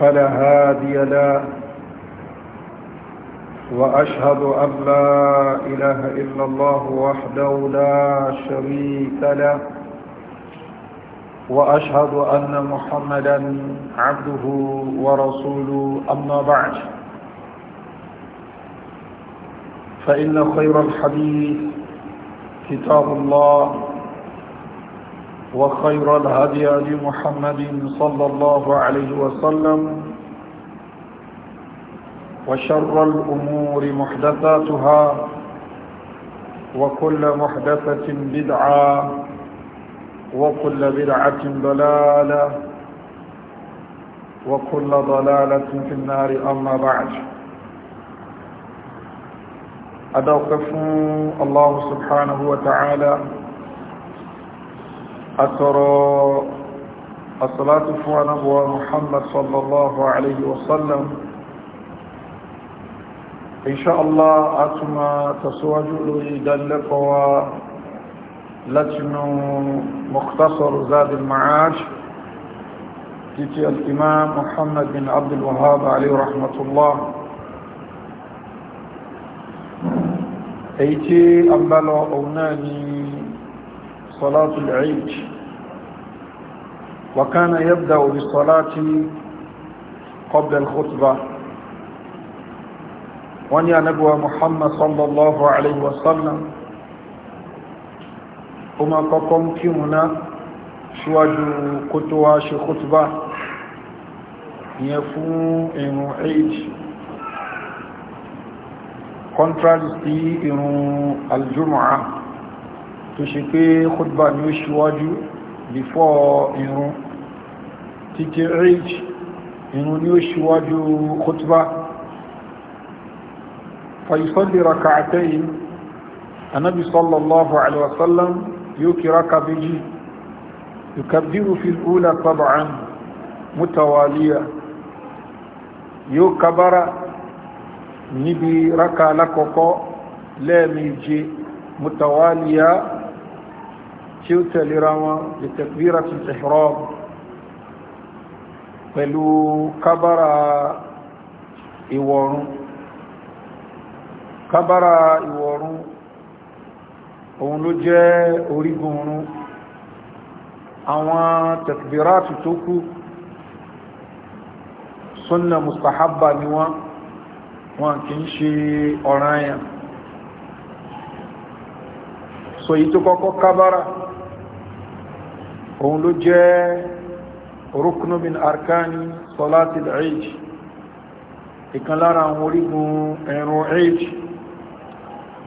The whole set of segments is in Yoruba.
فلا هادي له وأشهد أن لا إله إلا الله وحده لا شريك له وأشهد أن محمدا عبده ورسوله أما بعد فإن خير الحديث كتاب الله وخير الهدي لمحمد صلى الله عليه وسلم وشر الأمور محدثاتها وكل محدثة بدعة وكل بدعة ضلالة وكل ضلالة في النار أما بعد أدوقف الله سبحانه وتعالى أترى الصلاة فوانا محمد صلى الله عليه وسلم إن شاء الله أتما تسواج لذلك ولتن مختصر زاد المعاش تتي الإمام محمد بن عبد الوهاب عليه رحمة الله أيتي أمبالو أوناني صلاة العيد وكان يبدأ بالصلاة قبل الخطبة وني نبوة محمد صلى الله عليه وسلم وما قوم كمنا شواج قطوة خطبة يفون إنو عيد contrary sí الجمعة tó ṣe pé khutba ni ó ṣíwájú bífọ́ irun títí eid irun ni ó ṣíwájú khutba fàyíṣọ́lì raka àtẹ́yìn anábi sallallahu alaihi wasallam yóò kí raka méjì yukabbiru fi ula sab'an mutawaliya yóò kabara níbi raka alákọ̀ọ́kọ́ lẹ́ẹ̀mejì mutawaliya tí ó tẹ̀lera wọn lè tẹ̀kbíra tún tẹ̀hìrọ́ pẹ̀lú kábára ìwọ̀run kábára ìwọ̀run òun ló jẹ́ orígun oorun àwọn tẹ̀kbíra tún tó ni wọ́n wọn kì í ṣe ọ̀ranyàn so yìí tó kọ́kọ́ kábára òun ló jẹ́ ruknu min arkani salati al-eid ìkan lára àwọn orígun ẹ̀rùn eid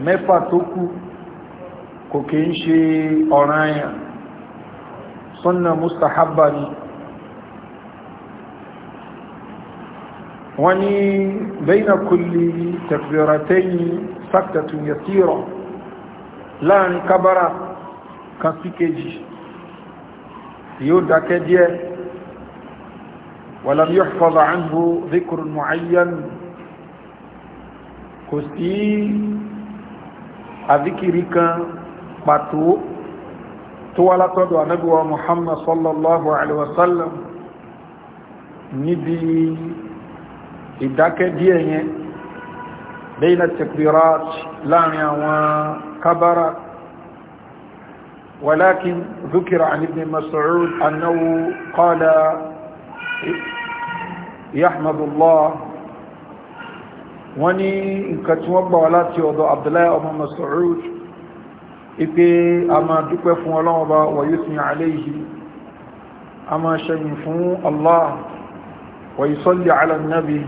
mẹ́fà tó kù kò kí ń ṣe ọ̀ranyàn sunna mustahabba ni wọ́n ní bayna kulli takbiratayn saktatun yasira láàrin kábára kan sí yóò dákẹ́ díẹ̀ wàlám yóò fọ́lá àńbù dhikrun mu'ayyan kò sí àdíkìrí kan pàtó tó wá látọ́dọ̀ anábíwá muhammad sallallahu alaihi wasallam níbi ìdákẹ́ díẹ̀ yẹn bayna takbirat láàrin àwọn kábára ولكن ذكر عن ابن مسعود أنه قال يحمد الله وني كتوبة ولاتي وضو عبد الله أبو مسعود إبي أما دكوة فولوبا ويثني عليه أما شيء الله ويصلي على النبي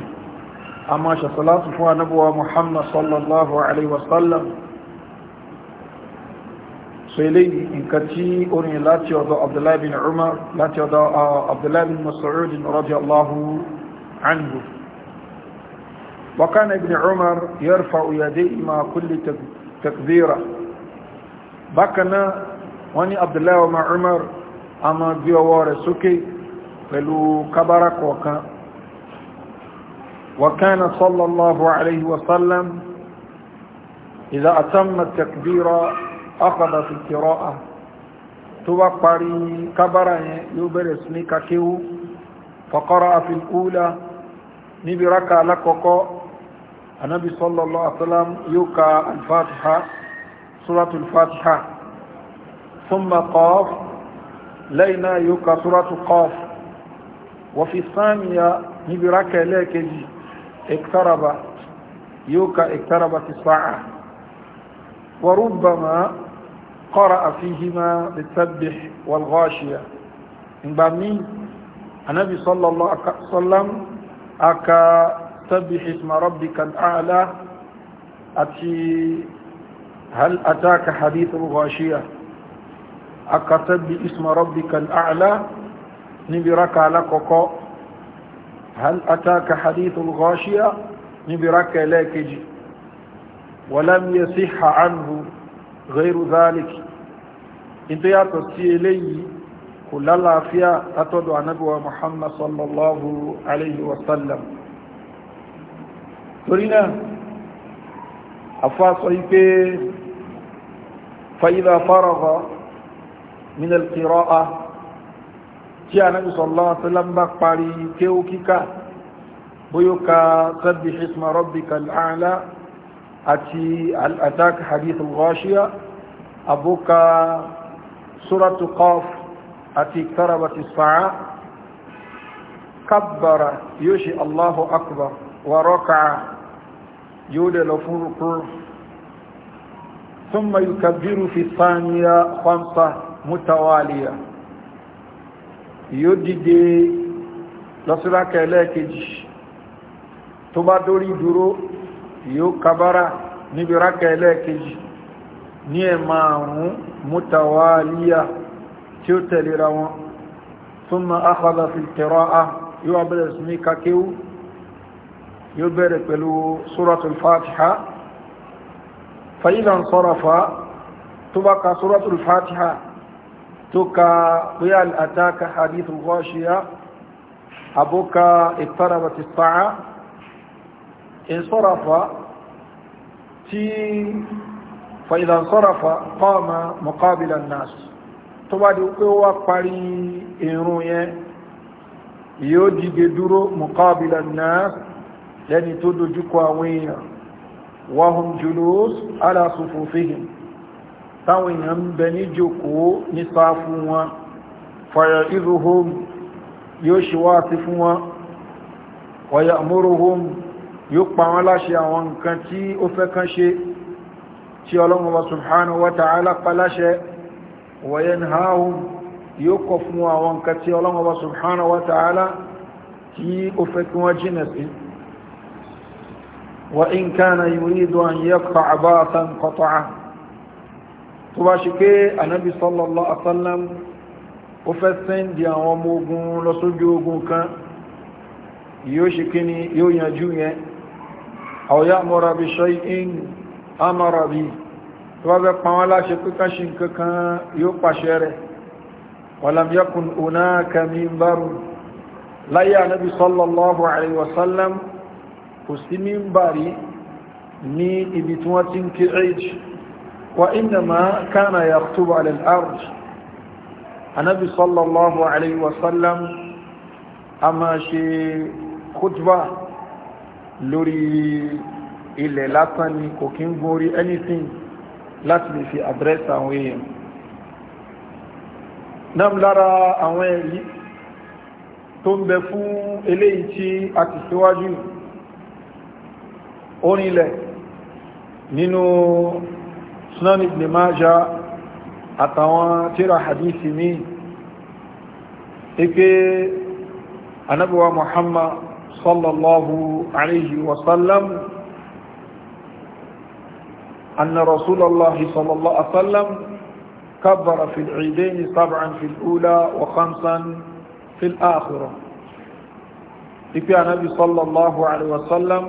أما شصلاة فوى نبوى محمد صلى الله عليه وسلم so eléyìí nǹkan tí ó rìn láti ọ̀dọ̀ abdullahi bin umar láti ọ̀dọ̀ uh, abdullahi bin mas'ud radiyallahu anhu وكان ابن عمر يرفع يديه مع كل تكبيره بكنا وني عبد الله وما عمر اما بيوار سكي pẹ̀lú kábára kọ̀ọ̀kan وكان صلى الله عليه وسلم إذا أتم التكبير akọ̀dà fi kìrọ́ à tó bá parí kábára yẹn yóò bẹ̀rẹ̀ sí ní kakéwú fọ́kọ́rọ́ àfikúlá níbi rákà alákọ̀ọ́kọ́ anábi sallallahu alaihi wasallam yóò ka alfatiha suratul fatiha thumma qaf lẹ́yìn náà yóò ka suratul qaf wọ́fi sáàmìyà níbi rákà ẹlẹ́ẹ̀kejì iktaraba yóò ka iktaraba ti sáà وربما قرأ فيهما بالسبح والغاشية من انبامي النبي صلى الله عليه وسلم أكا تبح اسم ربك الأعلى أتي هل أتاك حديث الغاشية أكا تبح اسم ربك الأعلى نبرك لك هل أتاك حديث الغاشية نبرك لك ولم يصح عنه ghairu zalik in tó yàtọ̀ sí eléyìí kò lálàáfíà látọ̀dọ̀ anábíwa muhammad sallallahu alayhi wa sallam torí náà afáàsọ ipé fa'ida faragha min al-qira'a tí anábí sallallahu alayhi wa sallam bá parí kéwú kíkà bóyó ka sabbihisma rabbikal a'la àti al-attack hadith al-ghashiya abuka suratu qaf àti karabati sa'a kabbara yóò ṣe allahu akbar wa raka'a yóò dẹ̀ lọ fún rukun ثم يكبر في الثانية خمسة متوالية يددي لصلاك لكج تبادري درو yóò kabara níbi rákà ẹlẹ́ẹ̀kejì ní ẹ̀mà àrùn mútàwàlíyà tí ó tẹ̀lera wọn thumma akhadha fi al-qira'ah yóò abẹ́rẹ̀ sí ní kakéwú yóò bẹ̀rẹ̀ pẹ̀lú suratul fatiha fa idha sarafa tó bá ka suratul fatiha tó ka insarafa ti fa’ilan sarafa kọma mukabilan nasu tó bá di pé wá parí irun yẹn yóò dìde dúró mukabilan nasu lẹni tó dojúkọ àwọn èèyàn wahun julus alasufu fihim táwọn èèyàn ń bẹ ní jòkóó ní sáfù wọn fire izu home yóò ṣe wá sí waya wọn wàyà home yóò pa wọn láṣẹ àwọn nǹkan tí ó fẹ́ kán ṣe tí ọlọ́run wa subhanahu wa ta'ala pa láṣẹ wa yanhahum yóò kọ̀ fún àwọn nǹkan tí ọlọ́run wa subhanahu wa ta'ala tí ó fẹ́ kí wọ́n jìnà sí wa in kana yuridu an yaqta'a ba'than qata'a tó bá ṣe pé anábi sallallahu alaihi wasallam ó fẹ́ sẹ́ndì àwọn ọmọ ogun lọ sójú ogun kan yóò ṣe kí ni yóò yanjú أو يأمر بشيء أمر به وذا قوالا شكوكا شنككا يوقع شره ولم يكن هناك منبر لا يا نبي صلى الله عليه وسلم قسي منبري ni ibi tí wọ́n ti ń kí eid wa inama kana ya kutubu al'arj anabi sallallahu alaihi wasallam a ma ṣe khutbah lórí ilẹ̀ lásán ni kò kí ń gún anything láti lè fi address àwọn èèyàn náà lára àwọn ẹ̀rí tó ń bẹ fún eléyìí tí a ti síwájú orinlẹ̀ nínú sunan ibn majah àtàwọn tíra hadithi mi ike anabuwa muhammad صلى الله عليه وسلم أن رسول الله صلى الله عليه وسلم كبر في العيدين سبعا في الأولى وخمسا في الآخرة في النبي صلى الله عليه وسلم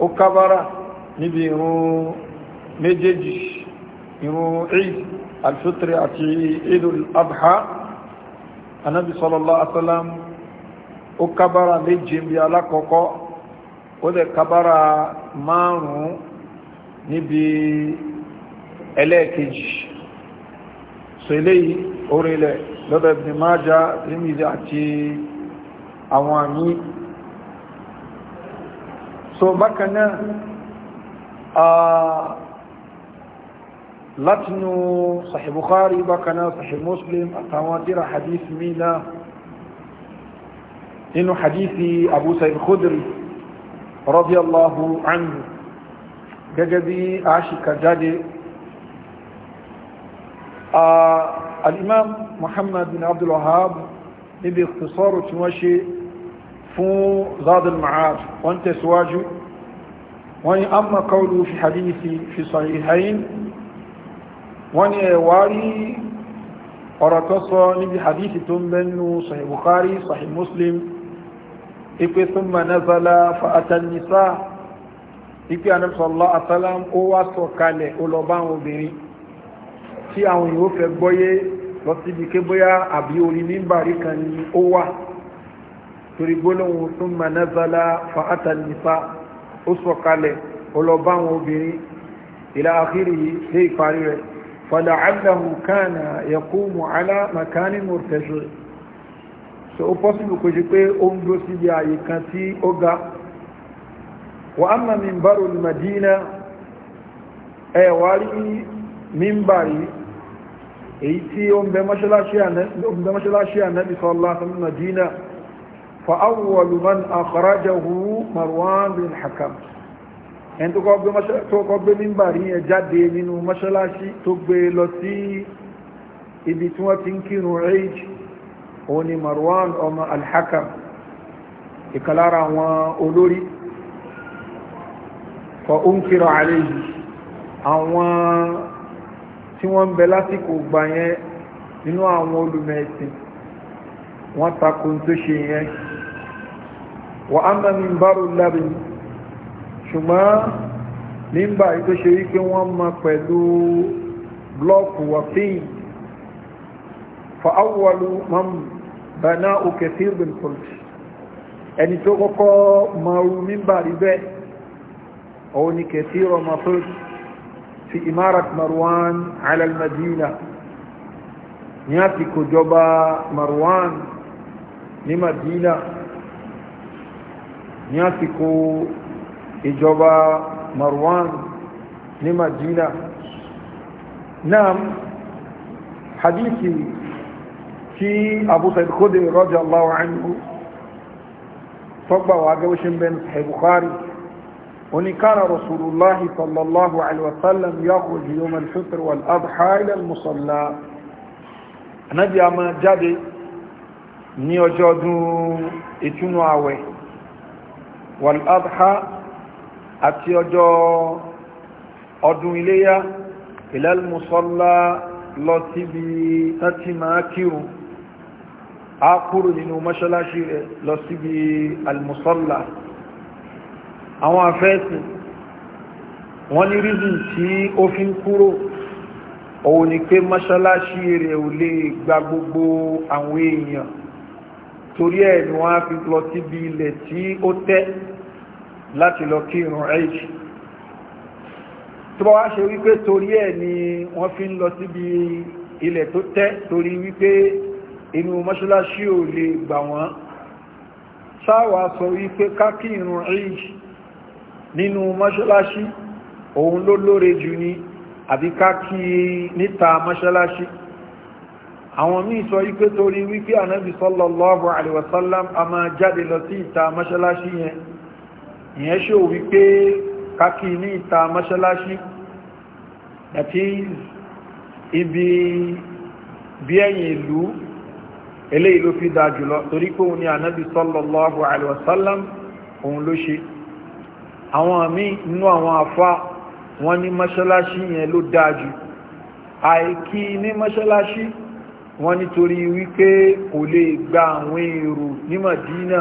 وكبر نبيه مجد irun eid alfitri الأضحى النبي adha الله عليه وسلم ó kábára méje níbi alákọ̀ọ́kọ́ ó dẹ̀ kábára márùn-ún níbi ẹlẹ́ẹ̀kejì so eléyìí orílẹ̀ lọ́dọ̀ Ibn Majah rímìdí àti àwọn àmì so bákanáà látinú Sahih Bukhari bákanáà Sahih Muslim àtàwọn tíra hadith mìíràn nínú hadithi abu sa'id khudri radiyallahu anhu gẹ́gẹ́ bí a ṣìkà jáde al'imam muhammad bin abdul wahab níbi ìfẹ́sọ́rọ̀ tí wọ́n ṣe fún zadul ma'ad wọ́n tẹ̀síwájú wọ́n ni amma kawlu fi hadithi fi sahihain wọ́n ni ẹ̀wárí ọ̀rọ̀ tó sọ níbi hadithi tó ń bẹ́nu sahih bukhari sahih muslim ipe súnmọ̀ nazala fa'atanisa ipe anamsọ̀lá asalam ó wá sọ kalẹ̀ olọba àwọn obìnrin tí àwọn yóò fẹ́ gbọ́yé lọ sí ibi ké bóyá àbí orí mímbàrí kan ni ó wà torí gbólóhùn súnmọ̀ nazala fa'atanisa ó sọ kalẹ̀ olọba àwọn obìnrin ilá àkírí sí ìparí rẹ̀ fọ̀dà àdáhùn kánà yẹ kó mọ̀ makanin mọ̀tẹ́sọ̀rọ̀ so ó pọ́sílù kò ṣe pé ó ń dó síbi ààyè kan tí ó ga wà á mà mímbàrò ní madina ẹ wà rí mímbàrí èyí tí ó ń bẹ mọ́ṣáláṣí ànábì sallallahu alaihi madina fa awwalu man akhrajahu marwan bin hakam ẹni tó kọ́ gbé mímbàrí yẹn jáde nínú mọ́ṣáláṣí tó gbé lọ sí ibi tí wọ́n ti ń kírun age òun ni marwan ọmọ alhakam ìkàlára àwọn olórí fọ oúnkìrọ̀ àlejò àwọn tí wọ́n ń bẹ lásìkò gbà yẹn nínú àwọn olùmẹ̀ẹ̀sìn wọ́n takò tó ṣe yẹn wà á ito mi bárò lábẹ́ ṣùgbọ́n nígbà tó ṣe wípé wọ́n mọ pẹ̀lú bana okefir bin fulch ẹni tó kọ́kọ́ maru mímbà rí bẹ́ òun ni kefir ọmọ fulch fi imarat marwan ala al-madina ní àsìkò jọba marwan ní madina ní àsìkò ìjọba marwan ní madina náà hadithi tí Abu Sa'id Khudri radiyallahu anhu tọ́gbà wà gẹ́wọ́ ṣe ń bẹ́ẹ̀ ní Bukhari oníkàrà rasulullahi sallallahu alaihi wasallam yakhruju yawm al-fitr wal adha ila al-musalla anábì a máa jáde ní ọjọ́ ọdún ìtúnu àwẹ̀ wal adha àti ọjọ́ ọdún al-musalla lọ síbi tàti máa kírun a kúrò nínú mọ́ṣáláṣí rẹ̀ lọ síbi almusalla àwọn afẹ́sìn wọ́n ní rízùn tí ó fi ń kúrò òun ni pé mọ́ṣáláṣí rẹ̀ ò lè gba gbogbo àwọn èèyàn torí ẹ̀ ni wọ́n á fi lọ síbi ilẹ̀ tí ó tẹ́ láti lọ kí ìrun ẹ̀jì tó bá wá ṣe wípé torí ẹ̀ ni wọ́n fi ń lọ síbi ilẹ̀ tó tẹ́ torí wípé inú mọ́ṣáláṣí ò lè gbà wọ́n sáwà sọ wípé kákí ìrun eid nínú mọ́ṣáláṣí òun ló lóore jù ní àbí kákí níta mọ́ṣáláṣí àwọn míì sọ wípé torí wípé ànábì sallallahu alaihi wasallam a máa jáde lọ sí ìta mọ́ṣáláṣí yẹn ìyẹn ṣò wípé kákí ní ìta mọ́ṣáláṣí ibi bí ẹ̀yìn ìlú eléyìí ló fi dáa jùlọ torí pé òun ni anabi sallallahu alayhi wa sallam òun ló ṣe àwọn míì nínú àwọn afa wọn ní mọ́ṣáláṣí yẹn ló dáa jù àìkí ní mọ́ṣáláṣí wọn nítorí wípé kò lè gba àwọn èrò ní Madina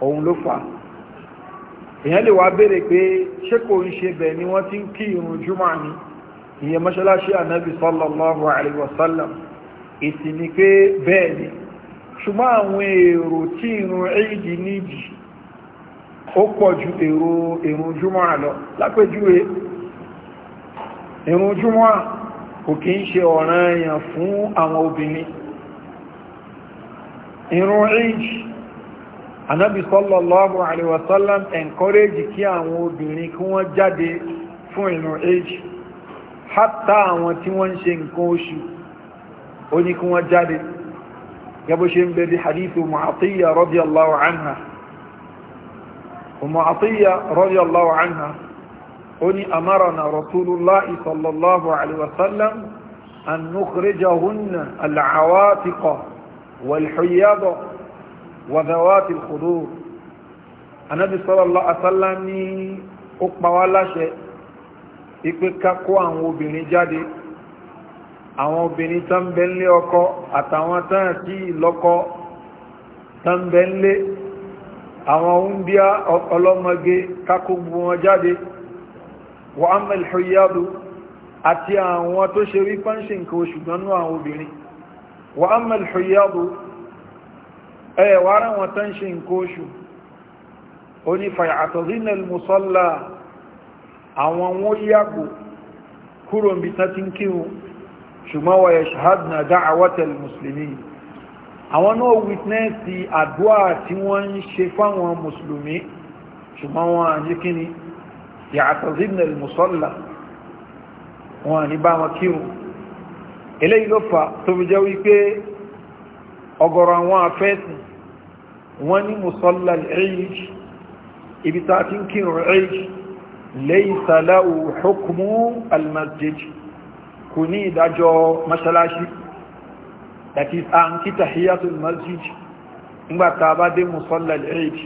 òun ló fà èèyàn lè wá béèrè pé ṣé kò ń ṣe bẹ̀ ni wọ́n ti ń kí irun jùmọ̀ ni ìyẹn mọ́ṣáláṣí anabi sallallahu alayhi èsì ni pé bẹ́ẹ̀ ni ṣùgbọ́n àwọn èrò tí ìrun ẹ̀yìdì níbi ó pọ̀ ju èrò ìrun àlọ́ lápẹjúwe ìrun kò kí ń ṣe ọ̀ràn èèyàn fún àwọn obìnrin ìrun ẹ̀yìdì anábì sallallahu encourage kí àwọn obìnrin kí wọ́n jáde fún hátà àwọn tí wọ́n ń ṣe nǹkan ó ní kí wọ́n jáde gẹ́bó ṣe ń bẹ̀rẹ̀ hadithu mu'atiyya radiyallahu anha mu'atiyya radiyallahu anha ó ní amarana rasulullah sallallahu alaihi wasallam an nukhrijahunna al'awatiqa walhuyada wa dhawati al-khudur anabi sallallahu alaihi wasallam ní ó pa wá láṣẹ ìpé kó àwọn obìnrin jáde àwọn obìnrin tó ń bẹ nílé ọkọ àtàwọn tán àti ìlọ́kọ tó ń bẹ nílé àwọn oúnbíà ọlọ́mọge kákógbó wọn jáde wọ́n á mẹ́lẹ̀ ṣọ́yádùn àti àwọn tó ṣe rí pánṣẹ́ nǹkan oṣù ganú àwọn obìnrin wa amma al-huyyadu ẹ̀yẹ̀ wára wọn tán ṣe nǹkan oṣù o ní ṣùgbọ́n wọ́n yẹ ṣahadna da'awatal muslimin àwọn náà witnẹ́sì àdúrà tí wọ́n ń ṣe fáwọn mùsùlùmí ṣùgbọ́n wọn àní kíni yàtọ̀zínà musọ́lá wọn àní bá wọn kírun eléyìí ló fà tó fi jẹ́ wípé ọ̀gọ̀rọ̀ àwọn afẹ́sìn wọ́n ní musọ́lá al ibi tá a ti ń kírun eid laysa lahu hukmu kò ní ìdájọ́ mọ́ṣálásí àti àǹkí tahiyatul masjid ngbàtà bá dé musalla al-eid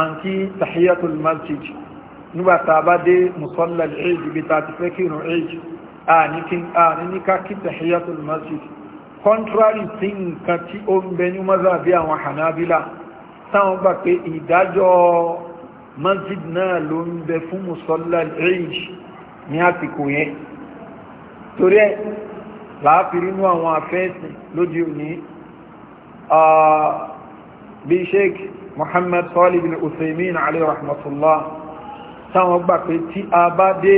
àǹkí tahiyatul masjid ngbàtà bá dé musalla al-eid bí ta ti fẹ́ kírun eid àníníká kí tahiyatul masjid contrary sí nǹkan tí ó ń bẹ ní mazhabi àwọn hanabila táwọn gbà pé ìdájọ́ masjid náà ló ń bẹ fún musalla al-eid ní àsìkò yẹn torí ẹ̀ láàfin inú àwọn afẹ́ẹ̀sìn lóde òní bí sheik Muhammad Salih bin Uthaymin alayhi rahmatullah táwọn gbà pé tí a bá dé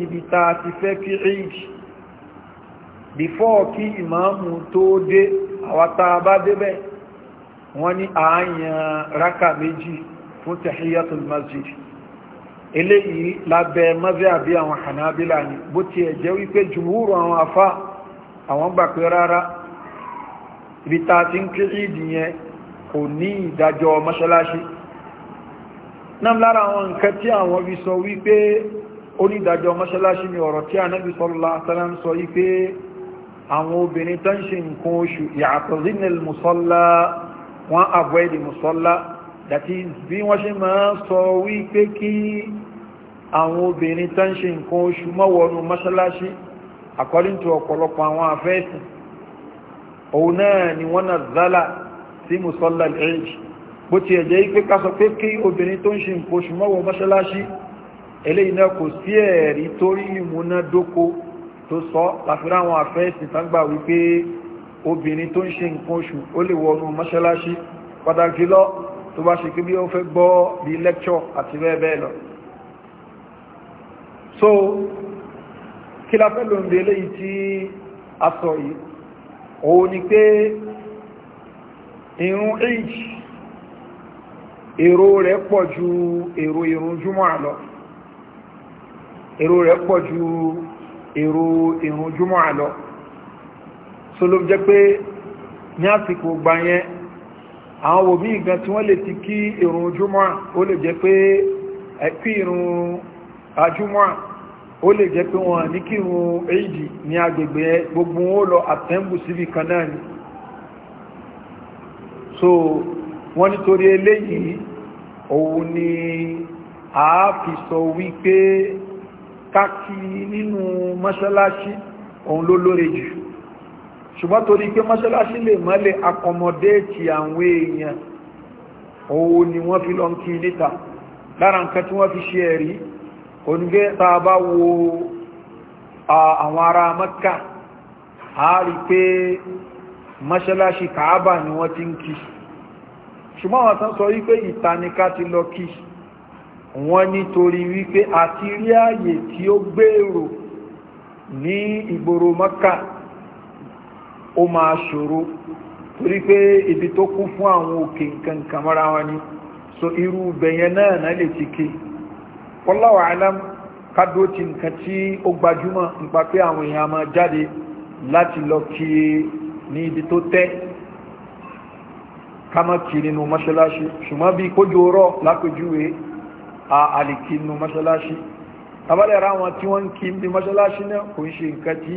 ibi ta ti fẹ́ kí eid before kí ìmáàmù tó dé àwátá bá débẹ̀ wọ́n ní àáyàn rákà méjì fún tahiyatul masjid eléyìí lábẹ́ mọ́fẹ́ àbí àwọn hanabila ni bó ti ẹ̀jẹ́ wípé jùmúrù àwọn afá àwọn gbà pé rárá ibi ta ti ń kí ìdí yẹn kò ní ìdájọ́ mọ́ṣáláṣí náà lára àwọn nǹkan tí àwọn fi sọ wípé onídàájọ́ mọ́ṣáláṣí ni ọ̀rọ̀ tí anábì sọ wípé dàtí bí wọ́n ṣe máa sọ wípé kí àwọn obìnrin tán ṣe nǹkan oṣù mọ́wọ́nú mọ́ṣáláṣí according to ọ̀pọ̀lọpọ̀ àwọn afẹ́sìn òun náà ni wọ́n náà zálà sí musalla al-eid bó ti ẹ̀jẹ́ ipé ká sọ pé kí obìnrin tó ń ṣe nǹkan oṣù mọ́wọ́ mọ́ṣáláṣí eléyìí náà kò sí ẹ̀rí torí ìmúnádókò tó sọ láfíra àwọn afẹ́sìn tán gbà wípé obìnrin tó tó bá ṣe kí bí ó fẹ́ gbọ́ bí lecture àti bẹ́ẹ̀ bẹ́ẹ̀ lọ so kí la fẹ́ ló ń belé yìí tí a sọ yìí òun ni pé irun age èrò rẹ̀ pọ̀ ju èrò irun júmọ́ àlọ́ èrò rẹ̀ pọ̀ ju èrò irun júmọ́ àlọ́ so ló jẹ́ pé ní àsìkò gbà àwọn òbí ìgan tí wọ́n lè ti kí ìrun jùmọ́ ó lè jẹ́ pé ẹ̀kí ìrun ajúmọ́ ó lè jẹ́ pé wọ́n ní kí ìrun èjì ní agbègbè gbogbo ó lọ àtẹ́mbù síbi kan náà ni so wọ́n nítorí eléyìí òun ni a fi sọ wípé káàkiri nínú mọ́ṣáláṣí òun ló lóore jù ṣùgbọ́n torí pé mọ́ṣáláṣí lè mọ́lẹ̀ akọmọdéètì àwọn èèyàn òun ni wọ́n fi lọ ń kí níta lára nǹkan tí wọ́n fi ṣe ẹ̀rí onígbé tá a bá wo àwọn ará Mẹ́kà a rí pé mọ́ṣáláṣí kàábà ni wọ́n ti ń kí ṣùgbọ́n àwọn tán sọ wípé ìtaníká ti lọ kí wọ́n nítorí wípé àti rí ààyè tí ó gbèrò ní ìgboro Mẹ́kà ó máa ṣòro torí pé ibi tó kún fún àwọn òkè nǹkan nǹkan mọ́ra wọn ni so irú bẹ̀yẹn náà náà lè ti ké wallahu alam kádó ti nǹkan tí ó gbajúmọ̀ nípa pé àwọn èèyàn máa jáde láti lọ kí ní ibi tó tẹ́ kama kì nínú mọ́ṣáláṣí ṣùgbọ́n bí kójú rọ̀ lápèjúwe àlìkì nínú mọ́ṣáláṣí tabalẹ̀ ra wọn tí wọ́n ń kí ní mọ́ṣáláṣí náà kò ń ṣe nǹkan tí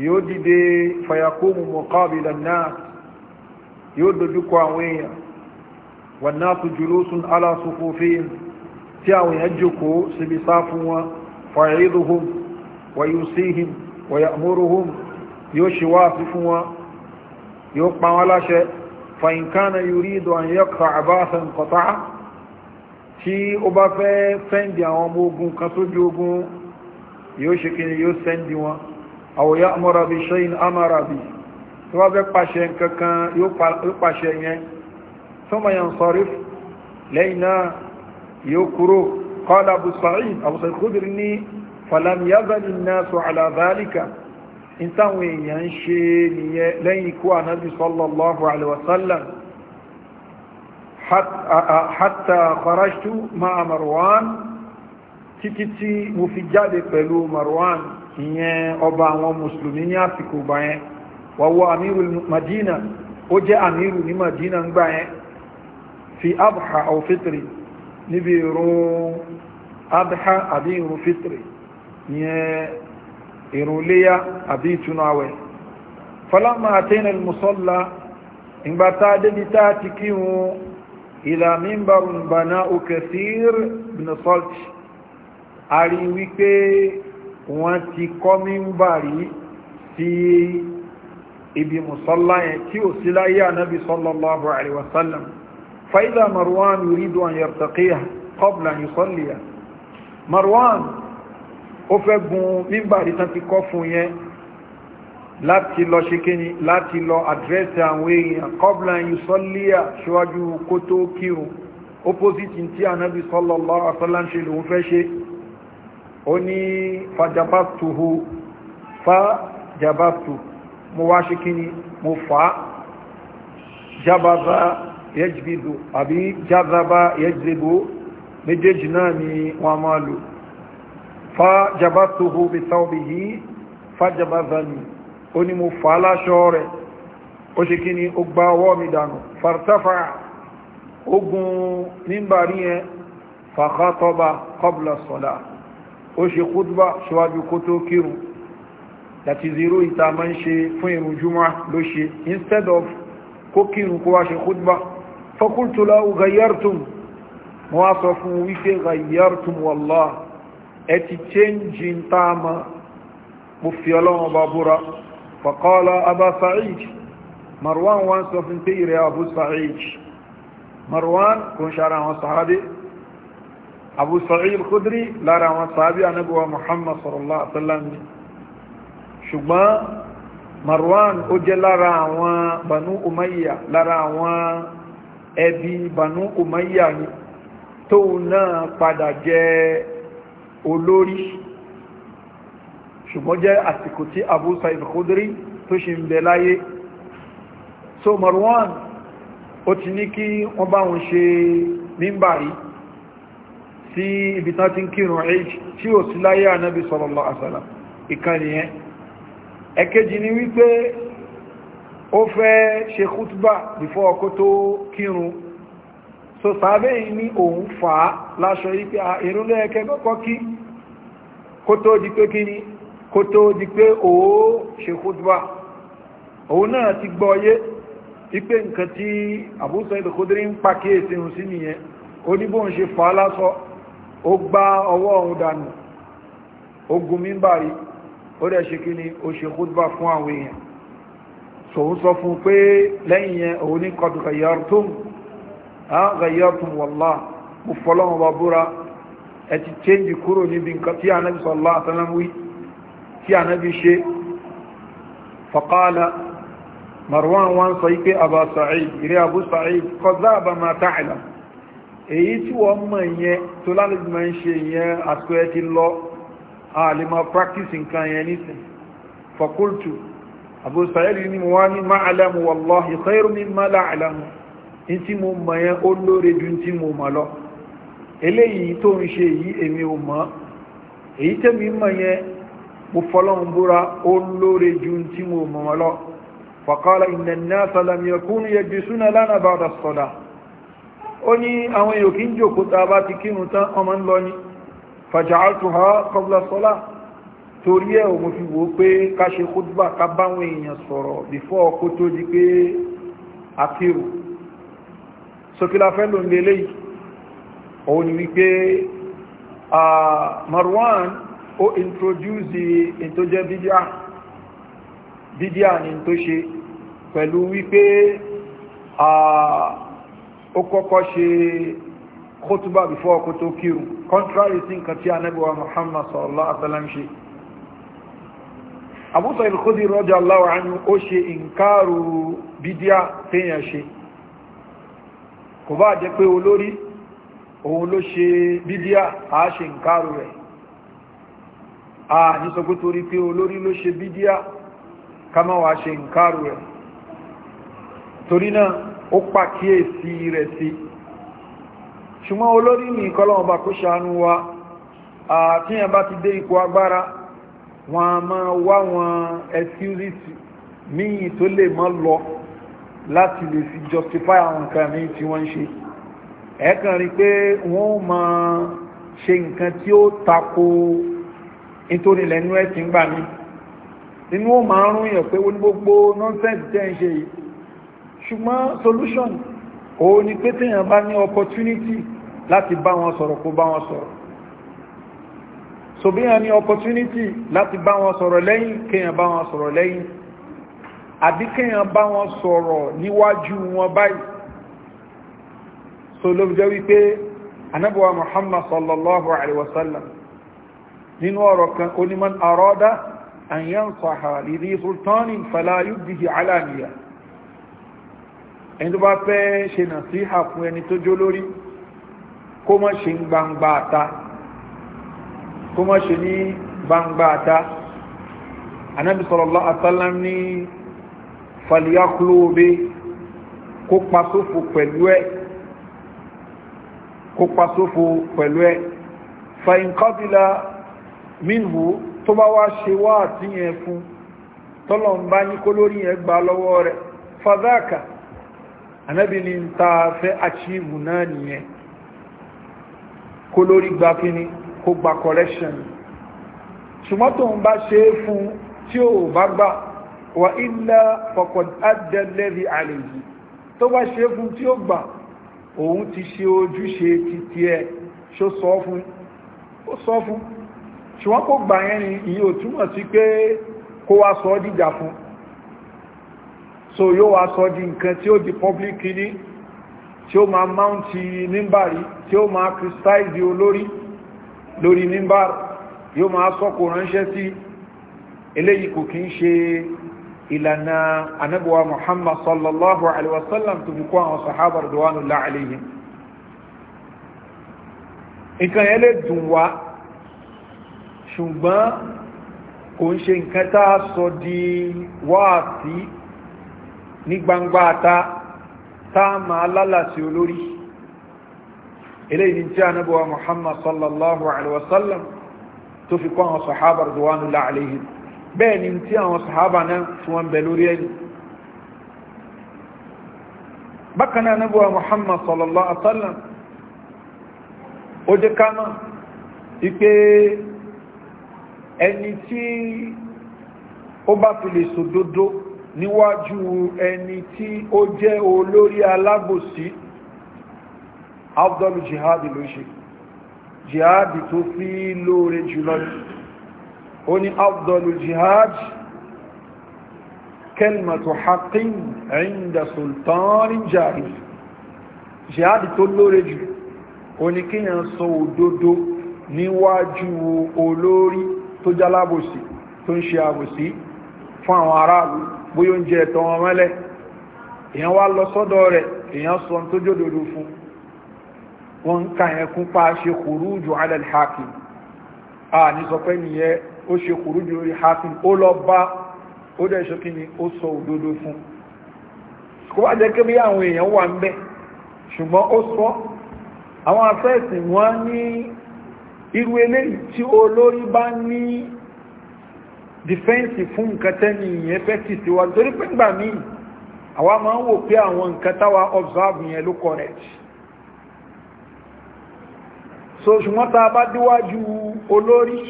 yóò dìde fayakumu muqabila nas yóò dojúkọ àwọn èèyàn wan nasu julusun ala sufufihim tí àwọn èèyàn jókòó síbi sáfù wọn fa'iduhum wa yusihim wa ya'muruhum yóò ṣe wá sí fún wọn yóò pa wọn láṣẹ fa'in kana yuridu an yaqta abathan tí ó bá fẹ́ fẹ́ndì àwọn ọmọ ogun kan sójú ogun yóò ṣe kí ni yóò sẹ́ndì wọn aw ya'mura bi shay'in amara bi tó bá fẹ́ pàṣẹ kankan yóò pàṣẹ yẹn thumma yansarif lẹ́yìn náà yóò kúrò qala Abu Sa'id Abu Sa'id Khudri ní falam yazal an-nasu ala dhalika ìtàwọn èèyàn ń ṣe nìyẹn lẹ́yìn ìyẹn ọba àwọn mùsùlùmí ní àsìkò gbà yẹn wàwọ amiru madina ó jẹ́ amiru ní madina ń gbà yẹn fi abha aw fitri níbi ìrún abha àbí ìrún fitri ìyẹn ìrún léyà àbí ìtúnu àwẹ̀ falamma atena musalla ìgbà débi tá a ti kírun ìlà mímbarùn bana okesir bin salt a wípé wọ́n ti kọ́ mímbàrí sí ibi musalla yẹn tí ò sí láyé ànábi sallallahu alaihi wasallam fa'ida marwan yuridu an yartaqiya qabla yusalliya marwan ó fẹ́ gun mímbàrí tán ti kọ́ fún yẹn láti lọ ṣe kíni láti lọ àdírẹ́sì àwọn èèyàn qabla yusalliya ṣíwájú kó tó kírun opposite tí ànábi sallallahu alaihi wasallam ṣe lòun fẹ́ ṣe ó ní fàjàbátùhù fàjàbátù mo wá ṣe kí ni mo fà jábàbá yẹjìbìdò àbí jábàbá yẹjìbò méjèèjì náà ni wọ́n máa lò fàjàbátùhù bí sáwọ́bì yìí fàjàbàbá ni ó ní mo fà láṣọ rẹ̀ ó ṣe kí ni ó gba ọwọ́ mi dànù ogun nígbàrí yẹn fàkátọ́ba kọbùlà ó ṣe kúdùbà ṣíwájú kó tó kírun láti zero ìta máa ń ṣe fún ìrun júmọ́ ló ṣe instead of kó kírun kó wá ṣe kúdùbà fọkúntùlá ugayartum wọ́n á sọ fún wípé ugayartum wàllá ẹ ti change ń tá a mọ́ mo fi ọlọ́run bá búra fọ̀kọ́lá abá sa'id marwan wọ́n sọ fún pé ìrẹ́ abu sa'id marwan kò ń ṣara àwọn sàádé abu sa'id khudri lára àwọn sàábí anábíwa muhammad sallallahu alaihi wasallam ni ṣùgbọ́n marwan ó jẹ́ lára àwọn banu umayya lára àwọn ẹbí banu umayya ni tóun náà padà jẹ́ olórí ṣùgbọ́n jẹ́ àsìkò tí abu sa'id khudri tó ṣì ń bẹ láyé so marwan ó ti ní kí wọ́n bá wọn ṣe mímbàrí sí ibi tán ti ń kírun ẹ̀ẹ́jì tí ó sí láyé ànábì sallallahu alaihi wasallam ìkànnì yẹn ẹ̀kejì ni wípé ó fẹ́ ṣe kútbà bífọ́ ọkọ́ tó kírun so sàábẹ́ yìí ní òun fà á láṣọ yìí pé ìrúnlẹ̀ ẹ̀kẹ́ kọ́kọ́ kí kó tó di pé ó ní bóun ṣe fà á lásọ ó gbá ọwọ́ ọ̀hún dànù ogun mímbàrí ó dẹ̀ ṣe kí ni ó ṣe kúdùbà fún àwọn èèyàn sòun sọ fún pé lẹ́yìn yẹn òun ní kọ̀dù gàyàrùtùm gàyàrùtùm wàlá mo fọlọ́wọ́n bá búra ẹ ti chẹ́ǹjì kúrò níbi nǹkan tí ànábi sọ̀lá àtàlámwí tí ànábi ṣe èyí tí wọ́n mọ̀ yẹn tó lálejò máa ń ṣe yẹn àtò ẹ ti lọ a lè máa practice nǹkan yẹn nísìn fakultu Abu Sa'id ni mo wá ní ma'alamu wallahi khairu mimma la'alamu ní tí mo mọ̀ yẹn ó lóore ju tí mo mọ̀ lọ eléyìí tó ń ṣe yìí èmi ò mọ̀ èyí tẹ́mi mọ̀ yẹn mo fọlọ́n búra ó lóore ju tí mo mọ̀ lọ faqala inna an-nasa lam yakunu yajlisuna lana ba'da as-salah ó ní àwọn èèyàn kí ń jòkó tá a bá ti kírun tán ọmọ ń lọ ní fàjáàtùhá kọbla torí ẹ̀ òun fi wò pé ká ṣe kúdùbà ká báwọn èèyàn sọ̀rọ̀ bífọ́ kó tó di pé àkírù sókíláfẹ́ ni wípé Marwan ó introduce in tó jẹ́ bídíà bídíà ni ṣe pẹ̀lú wípé ó kọ́kọ́ ṣe kótúbà before ọkọ̀ tó kírun contrary sí nǹkan tí anábíwá muhammad sallallahu alaihi wasallam ṣe àbúsọ ìlúkúdí rọ́jà aláwọ̀ ánú ó ṣe ìǹkàrù bídíà téèyàn ṣe kò bá jẹ́ pé olórí òun ló ṣe bídíà a ṣe ìǹkàrù rẹ̀ a ní sọ pé torí pé olórí ló ṣe bídíà ká má ṣe ìǹkàrù rẹ̀ torí náà ó pàkíyèsí rẹ̀ sí ṣùgbọ́n olórí ní ìkọlọ́wọ́n bá kó ṣàánú wa àti yẹn bá ti dé ipò agbára wọn a máa wá wọn excuses míì tó lè mọ́ lọ láti lè fi justify àwọn nǹkan míì tí wọ́n ń ṣe ẹ̀ẹ́kàn rí pé wọ́n máa ṣe nǹkan tí ó tako nítorí ẹ̀sìn gbà mí nínú ó máa ń rún yàn pé ó ní gbogbo nonsense tẹ́ ń ṣe yìí ṣùgbọ́n solution òun ni pé téèyàn bá ní opportunity láti bá wọn sọ̀rọ̀ kó bá wọn sọ̀rọ̀ so bí yàn ní opportunity láti bá wọn sọ̀rọ̀ lẹ́yìn kéèyàn bá wọn sọ̀rọ̀ lẹ́yìn àbí kéèyàn bá wọn sọ̀rọ̀ níwájú wọn báyìí so ló jẹ́ wípé anábọ̀wá muhammad sallallahu alaihi wasallam nínú ọ̀rọ̀ kan onímọ̀ àrọ́dá an yansaha li dhi sultanin fala yubdihi ẹni tó bá fẹ́ ṣe nàṣíhà fún ẹni tó jó lórí kó mọ́ ṣe ní gbangba àta kó mọ́ ṣe ní gbangba àta anábì sallallahu alaihi wasallam ní fàlíyàkúlóbe kó pa sófo pẹ̀lú ẹ̀ kó pa sófo pẹ̀lú ẹ̀ fàyínkọ́bìlà minhu tó bá wá ṣe wá àtìyẹn fún tọ́lọ̀ ń bá ní kó lórí yẹn gbà lọ́wọ́ rẹ̀ fàdákà anábì ní ń ta fẹ́ achieve náà nìyẹn kó lórí gba kíní kó gba correction ṣùgbọ́n tó ń bá ṣe é fún tí ò bá gbà wà ilẹ̀ fọkàn adẹ́lẹ́rì àlèyé tó bá ṣe é fún tí ó gbà òun ti ṣe ojúṣe títí ẹ ṣó sọ fún ó sọ fún ṣùgbọ́n kó gbà yẹn ni ìyẹn ò túmọ̀ sí pé kó wá sọ ọ́ dìjà fún so yóò wá sọ di nǹkan tí ó di public ní tí ó máa máùntì nímbàrí tí ó máa criticize olórí lórí nímbàrí yóò máa sọ́kò ránṣẹ́ sí eléyìí kò kí ń ṣe ìlànà anábíwá muhammad sallallahu alaihi wasallam tó fi kó àwọn sahabar duwanu la'alihim nǹkan yẹn lè dùn wá ṣùgbọ́n kò ń ṣe nǹkan tá sọ di wáàtí ní gbangba ta táà máa lálàsí olórí eléyìí tí a nábọ̀wà muhammad sallallahu alaihi wasallam tó fi kọ́ àwọn sahaba radwanullahi alaihim bẹ́ẹ̀ ni tí àwọn sahaba náà tí wọ́n bẹ lórí ẹni bákanáà nábọ̀wà muhammad sallallahu alaihi wasallam ó jẹ́ kánà ipé ẹni tí ó bá fi lè sòdodo níwájú ẹni tí ó jẹ́ olórí alábòsí afdọ́lù jihadi ló ṣe jihadi tó fi lóore jùlọ ó ní afdọ́lù jihadi kẹlmàtò haqqin ẹ̀yìndà sultanin jari jihadi tó lóore jù ó ní kíyàn sọ òdodo níwájú olórí tó jálábòsí tó ń ṣe àbòsí fún àwọn aráàlú bóyá oúnjẹ ẹ̀tọ́ wọn mọ́lẹ̀ èèyàn wá lọ sọ́dọ̀ rẹ̀ èèyàn sọ tó jòdòdò fún wọn ń ka yẹn kún pa ṣe khuruju ala al-hakim a ní sọ pé nìyẹn ó ṣe khuruju lórí hakim ó lọ bá ó dẹ̀ ṣe kí ni ó sọ òdodo fún kó wá jẹ́ kébí àwọn èèyàn wà ń bẹ̀ ṣùgbọ́n ó sọ àwọn afẹ́sìn wọn ní irú eléyìí tí olórí bá ní dìfẹ́ǹsì fún nǹkan tẹ́ni ìyẹn fẹ́ sì sí wa torí pé gbà míì àwa máa ń wò pé àwọn nǹkan táwa observe yẹn ló correct so ṣùgbọ́n tá a bá díwájú olórí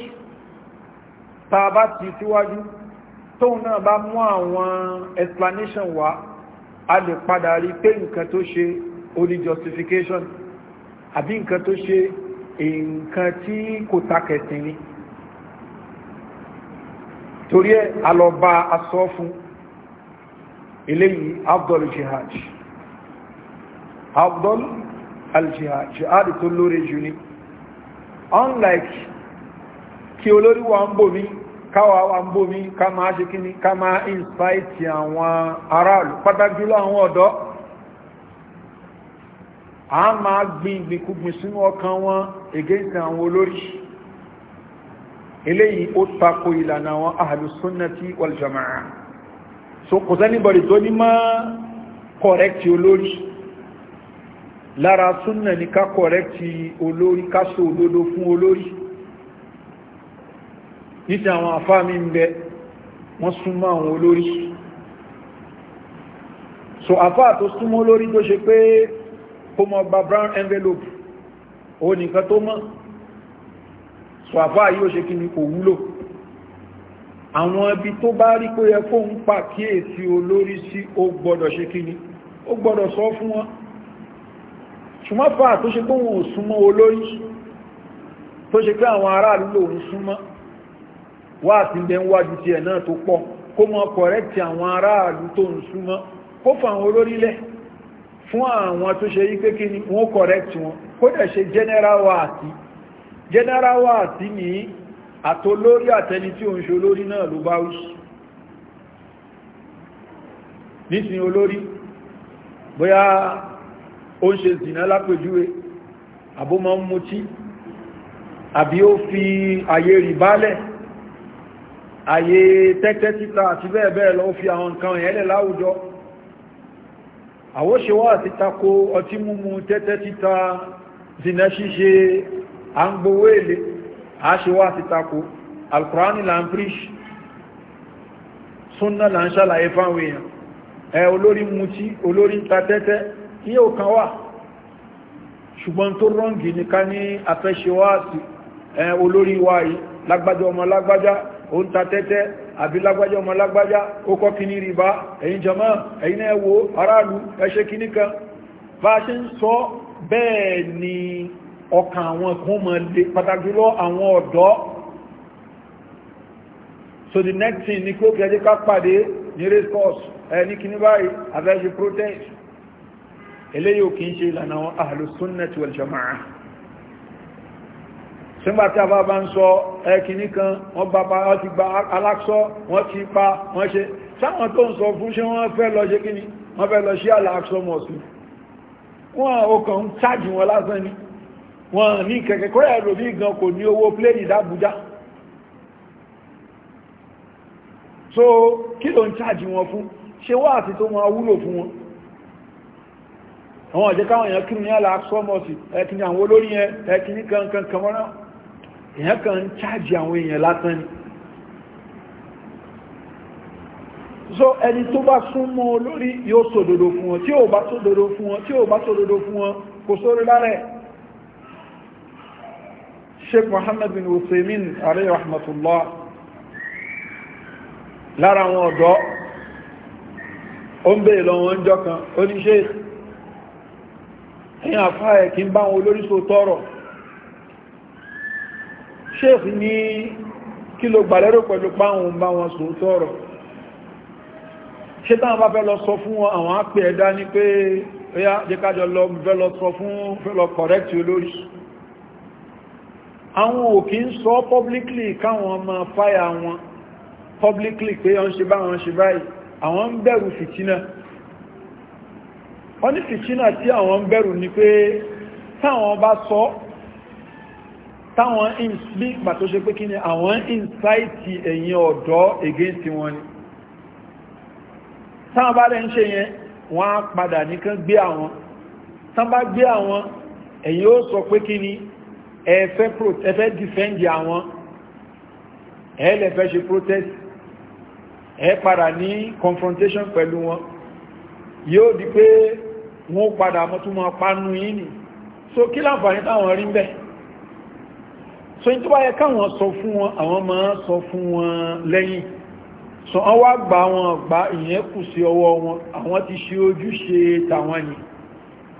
tá a bá ti síwájú tóun náà bá mú àwọn explanation wá a lè padà rí pé nǹkan tó ṣe ó justification àbí nǹkan tó ṣe nǹkan tí kò takẹ̀sìn ni torí ẹ alọba asọ́ fún eléyìí afdol jihad Abdul al jihad tó lórí jù ní unlike kí olórí wa ń bò mí káwà wa ń bò mí ká máa ṣe kíní ká máa inspire àwọn aráàlú pàtàkì àwọn ọ̀dọ́ a máa gbin ìgbìnkúgbìn sínú ọkàn wọn against àwọn olórí eléyìí ó tako ìlànà àwọn ahàlùsúnnàtí wàljama'a so kò sẹ́nibọ̀dì tó ní máa kọ̀rẹ́kì olórí lára súnnà ní ká kọ̀rẹ́kì olórí ká sọ òdodo fún olórí níti àwọn àfáàmì ń bẹ wọ́n súnmọ́ àwọn olórí so àfáà tó súnmọ́ olórí tó ṣe pé kó mọ gba brown envelope ó nìkan tó mọ́ so àfá yóò ṣe kí ni kò wúlò àwọn ibi tó bá rí pé ẹ fóun pa kíyèsí olórí sí ó gbọ́dọ̀ ṣe kí ni ó gbọ́dọ̀ sọ fún wọn ṣùgbọ́n fà tó ṣe pé wọn ò súnmọ́ olórí tó ṣe pé àwọn aráàlú lòun súnmọ́ wá àti ilẹ̀ ń wájú ti ẹ̀ náà tó pọ̀ kó mọ kọ̀rẹ́tì àwọn aráàlú tó ń súnmọ́ kó fà àwọn olórí lẹ̀ fún àwọn tó ṣe yí pé kí ni wọ́n kọ̀rẹ́tì wọn kó dẹ̀ ṣe general wa àti general wa àti ní àtolórí àtẹni tí ó ń ṣe olórí náà ló bá wí nísìn olórí bóyá ó ń ṣe zìnà lápèjúwe àbó ma ń mutí àbí ó fi àyè rì bálẹ̀ àyè tẹ́tẹ́ títa àti bẹ́ẹ̀ lọ fi àwọn nǹkan ẹ̀ẹ́lẹ̀ láwùjọ àwóṣe àti tako ọtí múmu tẹ́tẹ́ títa zìnà ṣíṣe à ń gbowó èlé à ṣe wá sí tako alukurani là ń preach sunna là ń ṣàlàyé fáwọn èèyàn ẹ olórí mutí olórí ń ta tẹ́tẹ́ iye òkan wà ṣùgbọ́n tó rọ́ǹgì ní ká ní afẹ́ṣe wá sí olórí wa yìí lágbájá ọmọ lágbájá ó ń ta tẹ́tẹ́ àbí lágbájá ọmọ lágbájá ó kọ́ kí ní rìbá ẹ̀yin jama ẹ̀yin ẹ̀wò aráàlú ẹṣẹ́ kìíní kan bá ṣe ń sọ bẹ́ẹ̀ ni ọkàn àwọn kan mọ̀ lè pàtàkì lọ àwọn ọ̀dọ́ so the next thing ni kó kẹjẹ́ ká pàdé ní race course ẹni kí ní báyìí àfẹ́ṣe protest eléyìí ò kí ń ṣe ìlànà àwọn ahlus sunnah wal jamaa'ah sígbàtí àbá bá ń sọ ẹkìní kan wọ́n bá bá wọ́n ti gba aláksọ́ wọ́n ti pa wọ́n ṣe sáwọn tó ń sọ fún ṣe wọ́n fẹ́ lọ ṣe kíni wọ́n fẹ́ lọ ṣe aláksọ́ mọ̀ sí wọ́n ọkàn ń chájì wọn lásán ni wọn ní kẹ̀kẹ́ kọ́ ẹ̀rọ bí gan kò ní owó pléèdì dábújá so kí ló ń chájì wọn fún ṣe wá àti tó máa wúlò fún wọn àwọn ọ̀jẹ́ káwọn èèyàn kí ní àlà sọ́mọ̀sì ẹkìní àwọn olórí yẹn ẹkìní kankan kamọ́rán èèyàn kan ń chájì àwọn èèyàn látán ni so ẹni tó bá súnmọ́ olórí yóò sòdodo fún wọn tí ò bá sòdodo fún wọn tí ò bá sòdodo fún wọn kò sórí lárẹ̀ sheikh mohammed bin uthaymin alayhi rahmatullah lára àwọn ọ̀dọ́ ó ń bèèrè lọ́wọ́ ń jọ kan ó ní ṣe ẹ̀yìn àfá ẹ̀ kí ń bá wọn olóríṣò tọ́rọ̀ sheikh ní kí ló gbàlẹ́rò pẹ̀lú páwọn bá wọn sò tọ́rọ̀ ṣe táwọn bá fẹ́ lọ sọ fún àwọn á ní pé ó jẹ́kájọ lọ fẹ́ lọ sọ fún fẹ́ lọ correct olóríṣò àwọn òkè ń sọ publicly káwọn máa fáyà wọn publicly pé wọ́n ṣe báwọn ṣe báyìí àwọn ń bẹ̀rù fìtínà wọ́n ní fìtínà tí àwọn ń bẹ̀rù ni pé táwọn bá sọ táwọn ins bí ìgbà tó ṣe pé kí ni àwọn insáìtì ẹ̀yìn ọ̀dọ́ against wọn ni táwọn bá rẹ̀ ń ṣe yẹn wọ́n á padà nìkan gbé àwọn táwọn bá gbé àwọn ẹ̀yìn ó sọ pé kí ni ẹfẹ́ dìfẹ́ndì àwọn ẹlẹ́fẹ́ ṣe protest ẹ padà ní confrontation pẹ̀lú wọn yóò di pé wọ́n padà mọ́túnmọ́ panu yìí nì so kí láǹfààní táwọn rí ń so ní tó bá yẹ káwọn sọ fún wọn àwọn máa sọ fún wọn lẹ́yìn so wọ́n wá gbà wọn gbà ìyẹn kù sí ọwọ́ wọn àwọn ti ṣe ojúṣe tàwọn yìí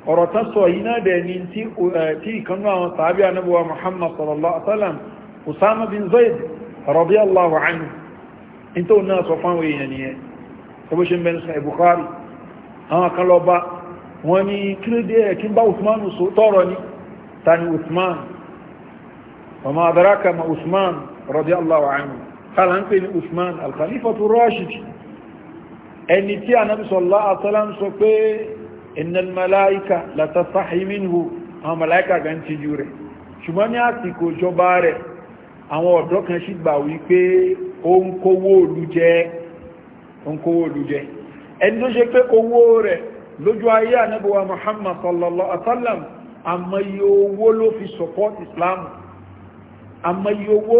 ọ̀rọ̀ tán sọ yìí náà dẹ̀ ni tí ìkanú àwọn tàbí anábíwa muhammad sallallahu alaihi wasallam usama bin zaid radiyallahu anhu in tó náà sọ fáwọn èèyàn nìyẹn sọbọ́ ṣe ń bẹ̀rẹ̀ sọ ìbùkárì àwọn kan lọ bá wọn ni kírédé ẹ̀ kí bá usman tọrọ ni ta ni usman ọmọ adaraka ma usman radiyallahu anhu kala ń pè ní usman alkhalifa rashid ẹni tí anábí sallallahu alaihi sọ pé innal malaika latasahi minhu àwọn malaika gan ti jù rẹ̀ ṣùgbọ́n ní àsìkò ìjọba rẹ̀ àwọn ọ̀dọ́ kan sì gbà wípé ó ń kówó òlú jẹ ó ń kówó òlú jẹ ẹni tó ṣe pé owó rẹ̀ lójú ayé ànábọ̀wà Muhammad sallallahu alaihi wasallam àmọye owó ló fi support Islam àmọye owó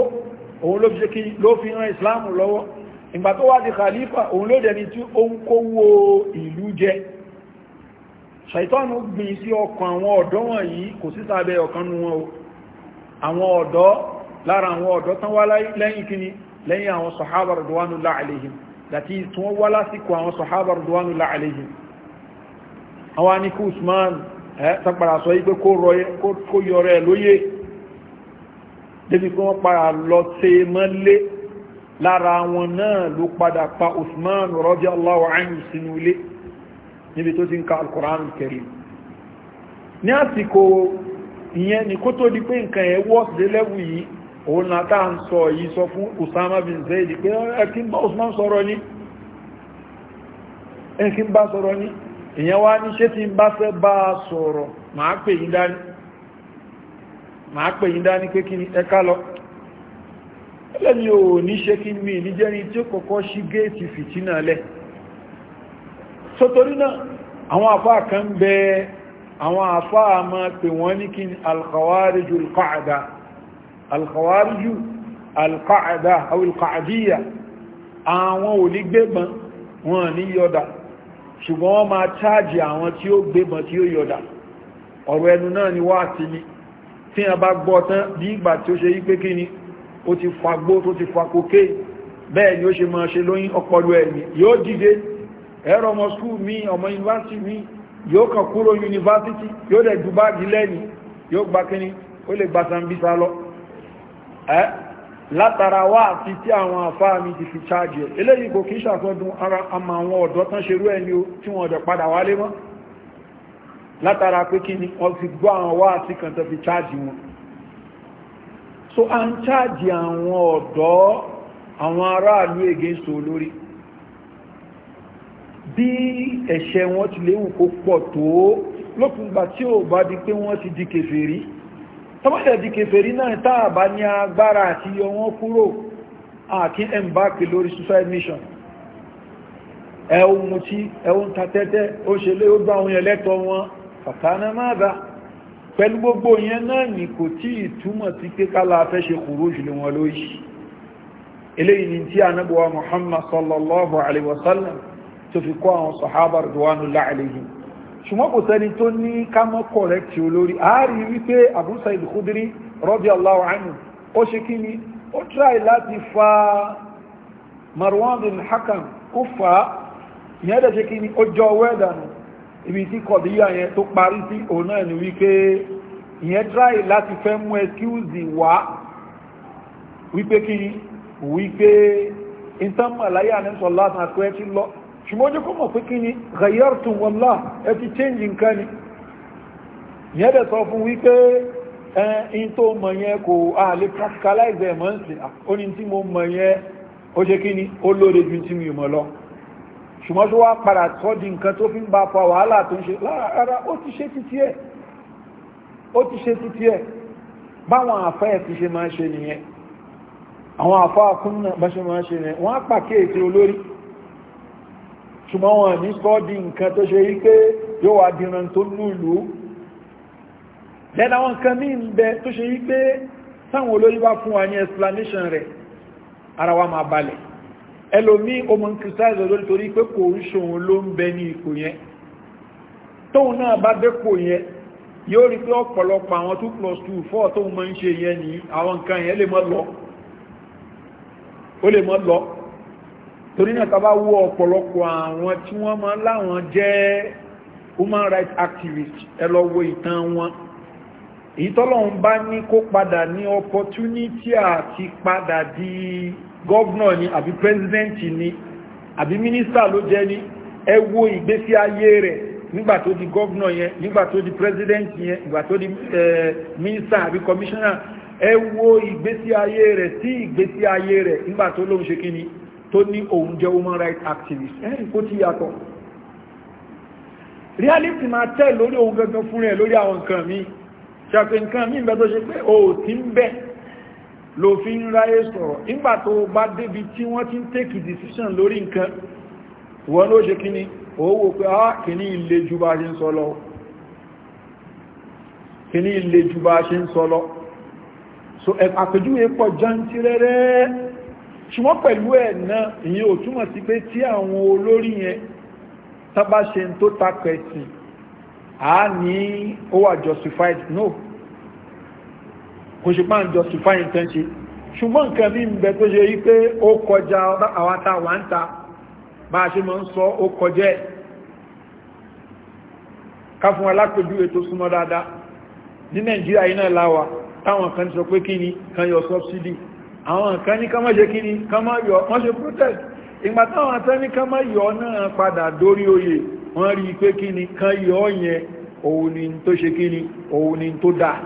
ṣàìtọ́nù gbìn sí ọkàn àwọn ọ̀dọ́ wọ̀nyí kò sí sábẹ́ ọ̀kan nú wọn o àwọn ọ̀dọ́ lára àwọn ọ̀dọ́ tán wá lẹ́yìn kíni lẹ́yìn àwọn sọ̀hábà radwanullahi alaihim dàtí tí wọ́n wá lásìkò àwọn sọ̀hábà radwanullahi alaihim àwọn ní kí Usman tàpàrà sọ wípé kó yọrẹ lóyè níbi tó ti ń ka alkùránù kẹrì ní àsìkò ìyẹn ni kó tó di pé nǹkan ẹ̀ wọ́s lélẹ́wù yìí òun ń sọ yìí sọ fún Usama bin Zaid pé ẹkín bá Usman sọ̀rọ̀ ní ẹkín bá sọ̀rọ̀ ní ìyẹn wá ní ṣé bá fẹ́ bá sọ̀rọ̀ máa pè yín dání ò ní ṣe kí mi ní jẹ́rin tí ó so torí náà àwọn àfáà kan bẹ àwọn àfáà ma pè wọ́n ní kí alkhawariju alqaada alkhawariju alqaada aw alqaadiyya àwọn ò ní gbébọn wọn ní yọ̀dà ṣùgbọ́n wọ́n máa chájì àwọn tí ó gbébọn tí ó yọ̀dà ọ̀rọ̀ ẹnu náà ni wá àti ni tí a bá gbọ́ tán bí ìgbà tí ó ṣe yí pé kí ni ó ti fagbó tó ti fakókè bẹ́ẹ̀ ni ó ṣe máa ṣe lóyún ọpọlọ ẹ̀mí yóò dìde ẹ̀rọ ọmọ skúù mi ọmọ yunifásitì mi yóò kàn kúrò yunifásitì yóò dẹ̀ ju báàgì lẹ́ni yóò gba kíní ó lè gba sambisa lọ ẹ́ látara wá àti tí àwọn àfáà mi ti fi chájì ẹ̀ eléyìí kò kí ṣàtọ́dún ara àmà àwọn ọ̀dọ́ tán ṣerú ẹni o tí wọ́n dẹ̀ padà wálé mọ́ látara pé kí ni wọ́n fi gbọ́ àwọn wá àti kan tó fi chájì wọn so à ń chájì àwọn ọ̀dọ́ àwọn aráàlú ègé against olórí bí ẹ̀ṣẹ̀ wọn ti léwu kó pọ̀ tó lópin ìgbà tí ò bá di pé wọ́n ti di kèfèrí tọ́mọ̀lẹ̀ di kèfèrí náà táà bá ní agbára àti yọ wọn kúrò àti embark lórí suicide mission ẹ̀hùn mutí ẹ̀hùn tatẹ́tẹ́ ó ṣe lé ó bá ohun ẹlẹ́tọ̀ wọn fàtánà máa bá pẹ̀lú gbogbo yẹn náà ní kò tí ìtumọ̀ sí pé kálá fẹ́ ṣe kúrò jùlọ wọn lóyìí eléyìí ni tí anábọ̀wá Muhammad sallallahu alaihi wasallam tó fi kọ́ àwọn sọ̀hábà ridwanullahi alayhim ṣùgbọ́n kò sẹ́ni tó ní ká mọ́ kọ̀rẹ́kì olórí ààrí wípé Abu Sa'id Khudri radiyallahu anhu ó ṣe kí ni ó tíráì láti fa Marwan bin Hakam ó fa ìyẹn dẹ̀ ṣe kí ni ó jọ wẹ́ẹ̀dànù ibi tí kọ̀díyà yẹn tó parí sí òun náà ni wípé ìyẹn tíráì láti fẹ́ mú ẹkíúzì wá wípé kí ni wípé ìtàn màláyà ní sọ lásán akọ́ ẹ ṣùgbọ́n ojú kó mọ̀ pé kí ni ghayyartum wallah ẹ ti change nǹkan ni yẹn dẹ̀ sọ fún wípé ẹn tó mọ̀ kò a practicalize ẹ̀ ń sìn ó tí mo mọ̀ yẹn ó ṣe kí ni ó lóore ju tí mi mọ̀ lọ ṣùgbọ́n tó wá padà sọ́ di nǹkan tó fi ń bá fa wàhálà tó ń ṣe lára ó ti ṣe títí ẹ̀ báwọn àfá ẹ̀ ti ṣe máa ṣe nìyẹn àwọn àfá akúnnà bá ṣe máa ṣe nìyẹn wọ́n á pàkíyèsí olórí ṣùgbọ́n wọn ní sọ́ di nǹkan tó ṣe rí pé yóò wà dìran tó lùlù lẹ́nà àwọn nǹkan ní ìbẹ tó ṣe rí pé sáwọn olóyíwá fún wa ní explanation rẹ̀ ara wa máa balẹ̀ ẹlòmí ọmọ kìrìsáìsì lórí torí pé kò ń ṣòun ló ń bẹ ní ipò yẹn tóun náà bá dépò yẹn yóò rí pé ọ̀pọ̀lọpọ̀ àwọn 2 plus 2 4 tóun máa ń ṣe yẹn ní àwọn nǹkan yẹn lè mọ́ lọ torí náà tàbá wọ ọ̀pọ̀lọpọ̀ àwọn tí wọ́n máa láwọn jẹ́ human rights activists ẹ lọ wo ìtàn wọn èyí tọ́lọ́run bá ní kó padà ní opportunity àti padà di gọ́vnọ̀ ni àbí president ni àbí minister ló jẹ́ ní ẹ wo ìgbésí ayé rẹ̀ nígbà tó di governor yẹn nígbà tó di president yẹn nígbà tó di minister àbí commissioner ẹ wo ìgbésí ayé rẹ̀ sí ìgbésí ayé rẹ̀ nígbà tó lóun ṣe kí ni tó ní òun jẹ́ human rights activist ẹ̀rìn kó ti yàtọ̀ reality máa tẹ́ lórí ohun gangan fún rẹ̀ lórí àwọn nǹkan mi ṣàpẹ nǹkan mi bẹ́ tó ṣe pé o ti ń bẹ́ ló fi ń ráyé sọ̀rọ̀ nígbà tó bá débi tí wọ́n ti ń take decision lórí nǹkan wọ́n ló ṣe kíní ó wò pé á ah, kíní ilé ju bá ṣe ń sọ lọ kíní ilé ju bá ṣe ń sọ lọ so àpèjúwe pọ̀ jẹ́ ń tirẹ́rẹ́ ṣùgbọ́n pẹ̀lú ẹ̀ náà ìyẹn ò túmọ̀ sí pé tí àwọn olórí yẹn tábà ṣe tó takọ ẹ̀sìn á ní ó wà justified no kò ṣe máa ń justify nǹkan ṣe ṣùgbọ́n nǹkan bí ń bẹ tó ṣe yí pé ó kọjá àwọn àtàwà ń ta bá a ṣe máa ń sọ ó kọjá ẹ̀ ká fún alápèjúwe tó súnmọ́ dáadáa ní nàìjíríà yìí náà láwà táwọn kan ti sọ pé kí ni kan yọ subsidy àwọn kan ní kánmọ́ jẹ́ kíní kánmọ́ yọ wọ́n ṣe protest ìgbà táwọn atẹ́ ní kánmọ́ yọ náà padà dórí oyè wọ́n rí pé kíní kán yọ yẹn òun ni tó ṣe kíní òun ni tó dáa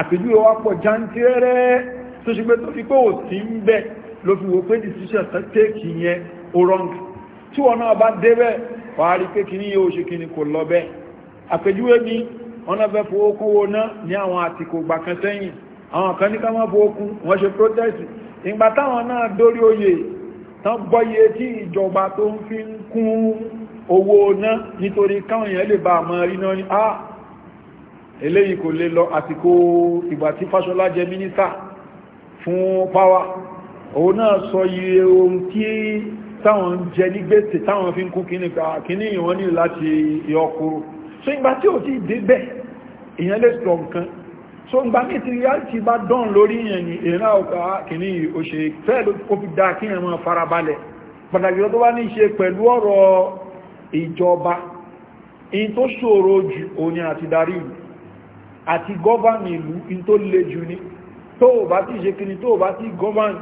àpèjú ọwá pọ̀ jantirẹ́rẹ́ tó ṣe pé tó fi pé ò sí ń bẹ́ ló fi wò pé decision tán yẹn ó rọ́ng àwọn kan ní ká má bo okun wọ́n ṣe protest ìgbà táwọn náà dórí oyè tán gbọ́yé tí ìjọba tó ń fi ń kún owó náà nítorí káwọn èèyàn lè bá àmọ́ rí náà ní ah eléyìí kò lè lọ àsìkò ìgbà tí Fáṣọlá jẹ mínísà fún pàwà òun náà sọ iye ohun tí táwọn jẹ ní gbèsè táwọn fi ń kún kíní ah, ìwọ́n ní láti yọ so ìgbà tí ò ti dé bẹ́ẹ̀ èèyàn lè sọ nǹkan so ń gbà ní ti reality bá dán lórí yẹn ni ìrìnà ọ̀gá ah, kìíní òṣè fẹ́ ló kó fi dáa kí ẹ̀mọ́ farabalẹ̀ pàtàkì tó bá ní ṣe pẹ̀lú ọ̀rọ̀ ìjọba in tó ṣòro jù òní àti darí ìlú àti gọ́vàn ìlú in tó le jù ní tó bá ti ṣe kìíní tó bá ti gọ́vàn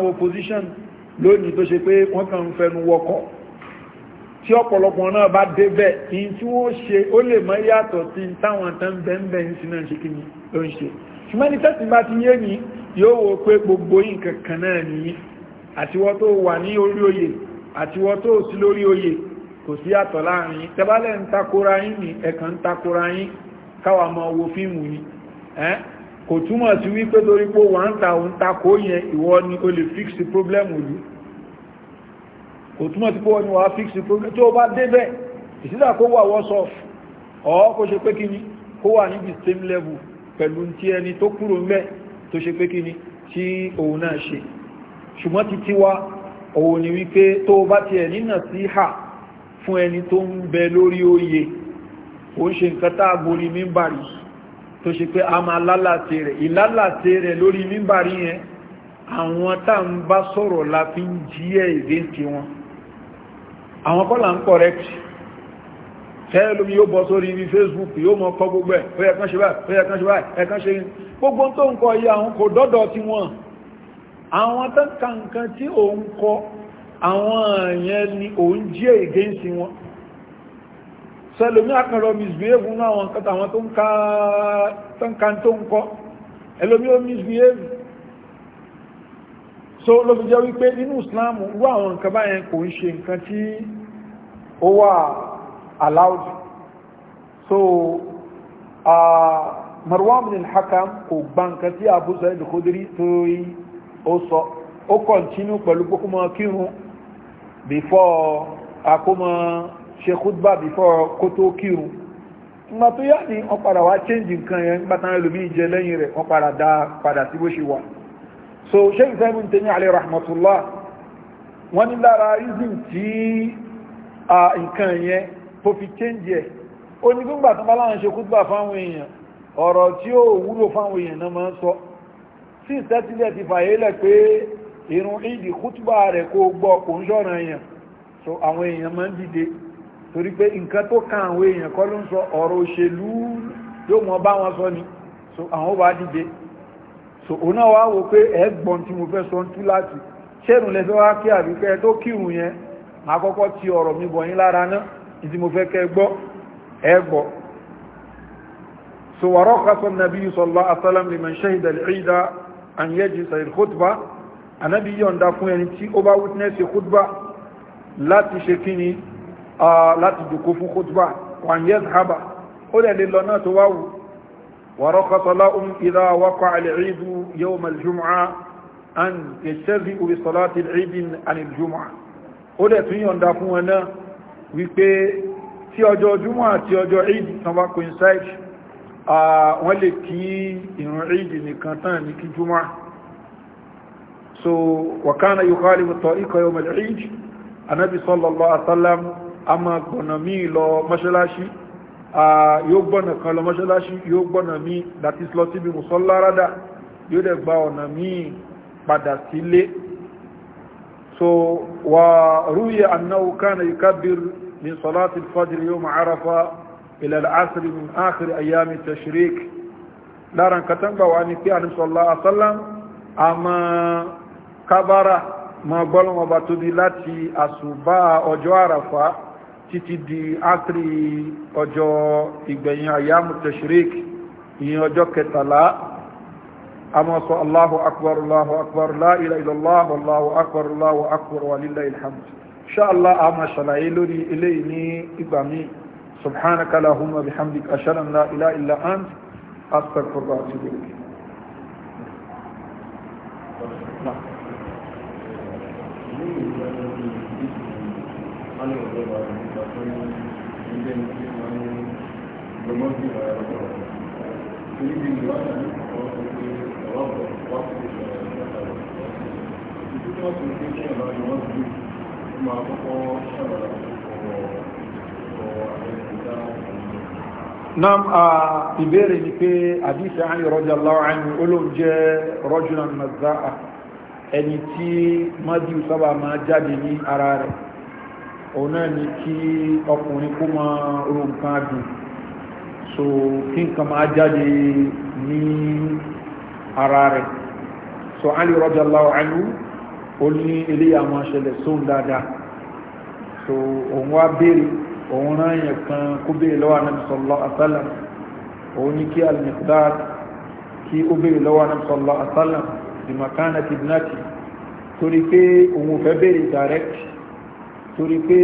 o opposition lónìí tó ṣe pé wọ́n tí ọ̀pọ̀lọpọ̀ náà bá débẹ̀ in tí wọ́n ṣe ó lè mọ́ yàtọ̀ sí táwọn tán bẹ́ẹ̀bẹ̀ ń sinà ṣe kí ni ó ń ṣe ṣùgbọ́n ní tẹ́sí bá ti yé ni yóò wo pé gbogbo yìí kankan náà nìyí àtiwọ́ tó wà ní orí oyè àtiwọ́ tó sí lórí oyè kò sí yàtọ̀ láàrin tẹ́bálẹ̀ ń takora yín ni ẹ̀kan ń takora yín káwa mọ owó fíìmù yìí ẹ́ kò túmọ̀ sí wípé torí pé wà òun takò yẹn ìwọ ni o lè fix the problem yìí kò túnmọ̀ sí pé wọ́n ni wà á fíksì problem tó bá débẹ̀ ìsídà kó wà wọ́sọ̀ ọ̀ kó ṣe pé kí ni kó wà níbi same level pẹ̀lú tí ẹni tó kúrò mẹ́ tó ṣe pé kí ni tí òun náà ṣe ṣùgbọ́n ti tiwa òun ni wípé tó bá tiẹ̀ nínà sí hà fún ẹni tó ń bẹ lórí oyè ó ń ṣe nǹkan tá a borí mímbàrí tó ṣe pé a máa lálàtẹ̀ rẹ̀ ìlálàtẹ̀ rẹ̀ lórí mímbàrí yẹn àwọn tá ń bá sọ̀rọ̀ la fi ń jí ẹ̀ ìrètí wọn àwọn kọ́là ń correct tẹ́lú yóò bọ́ sórí ibi facebook yóò mọ́ kọ́ gbogbo ẹ̀ ó yẹ kán ṣe báyìí ó yẹ kán ṣe báyìí ẹ̀kan ṣe gbogbo tó ń kọ yí àwọn kò dọ́dọ̀ tí wọ́n àwọn tán ka nǹkan tí òun kọ àwọn èèyàn ni òun jẹ́ against wọn sẹlòmí àkànlọ misbehave náà àwọn nǹkan tàwọn tó ń ka tó ń kọ ẹlòmí ó misbehave so lo fi jẹ́ wípé nínú islam wú àwọn nǹkan báyẹn kò ń ṣe nǹkan tí ó wà allowed so uh, marwan bin al-hakam kò gba nǹkan tí abu sa'id khudri tó yí ó sọ ó kọ̀ntínú pẹ̀lú kókó mọ́ kírun before akómọ ṣe khutba before kó tó kírun nígbà tó yá ni wọ́n padà wá change nǹkan yẹn nígbà tán ẹlòmí jẹ lẹ́yìn rẹ̀ wọ́n padà dá padà sí bó ṣe wà so ṣe ìsẹ́mù tẹ́mí alẹ́ rahmatullah wọ́n ní lára rízìn tí a nǹkan yẹn tó fi change ẹ̀ ó ní gbígbà tó bá láwọn ṣe kútbà fáwọn èèyàn ọ̀rọ̀ tí ó wúlò fáwọn èèyàn náà máa ń sọ so àwọn èèyàn máa ń dìde torí pé nǹkan tó kan àwọn èèyàn kọ́ ló so àwọn ó dìde so òun náà wá wo pé ẹ̀ẹ́gbọ́n tí mo fẹ́ sọ ń tú láti ṣẹ́nu lẹ́fẹ́ wá kí àbíkẹ́ tó kírun yẹn máa kọ́kọ́ ti ọ̀rọ̀ mi bọ̀ yín lára náà ìdí mo fẹ́ kẹ́ gbọ́ ẹ̀ẹ́gbọ́ so wàrọ́ kásọ̀ nàbí sọ̀lá asálàm lè mẹ́ṣẹ́ ìdàlẹ̀ ìdá àyẹ́jì sàìl khutba anábì yọ̀ǹda fún ẹni tí ó bá witness khutba láti ṣe kíni láti dùkú fún khutba wàyẹ́ zhaba ó dẹ̀ lè lọ náà tó wá wù ورخص لهم إذا وقع العيد يوم الجمعة أن يجتزئوا بصلاة العيد عن الجمعة ó dẹ̀ tún yọ̀nda fún wọn náà wípé tí ọjọ́ jùmọ́ àti ọjọ́ ìdì tán bá coincide wọ́n lè kí ìrun ìdì nìkan tán ní kí jùmọ́ so wakana yukari mutọ ikọ̀ yọmọ̀ ìdì anábi sallallahu alaihi a ma gbọ̀nà míì lọ mọ́ṣálásí Ah, yóò gbọ́nà kan lọ mọ́ṣáláṣí yóò gbọ́nà míì láti lọ síbi mùsọ́lárádà yóò dẹ̀ gba ọ̀nà míì padà sílé so wà rúyẹ annáwó kánà yukábir min sọláti fàjírí yóò ma'arafa ilẹ̀ asiri min ákìrí ayyami tashirik títí di átìrí ọjọ́ ìgbẹ̀yìn àyámù tashrik ìyìn ọjọ́ kẹtàlá a mọ́ sọ Allahu akbar Allahu akbar la ilaha illallah Allahu akbar Allahu akbar wa lillahil hamd ṣáàlá a máa ṣàlàyé lórí ilé ní ìgbà mi subhanaka lahumma Thank you wọ́n ní ọ̀dọ́ bá ní ìgbà tó ní ilé ní kí wọ́n ní gbogbo sí ìwà ẹ̀rọ tó rọ̀. Èyí nam a ìbéèrè ni pé àdìsí àárín rọjà láwọn àìní olóhùn jẹ rọjùnà nàzáà ẹni tí mádìí sábà máa jáde òun náà ni kí ọkùnrin kó máa ro nǹkan adùn so kí nǹkan máa jáde ní ara rẹ̀ so Ali radiyallahu anhu ó ní eléyà máa ṣẹlẹ̀ sóhun dáadáa so òun wá béèrè òun rán yẹn kan kó béèrè lọ́wọ́ Ànábì sallallahu alaihi òun ní kí al-Miqdad kí ó béèrè lọ́wọ́ Ànábì sallallahu alaihi wasallam ìmọ̀kánà ti bínátì torí pé òun fẹ́ béèrè direct torí pé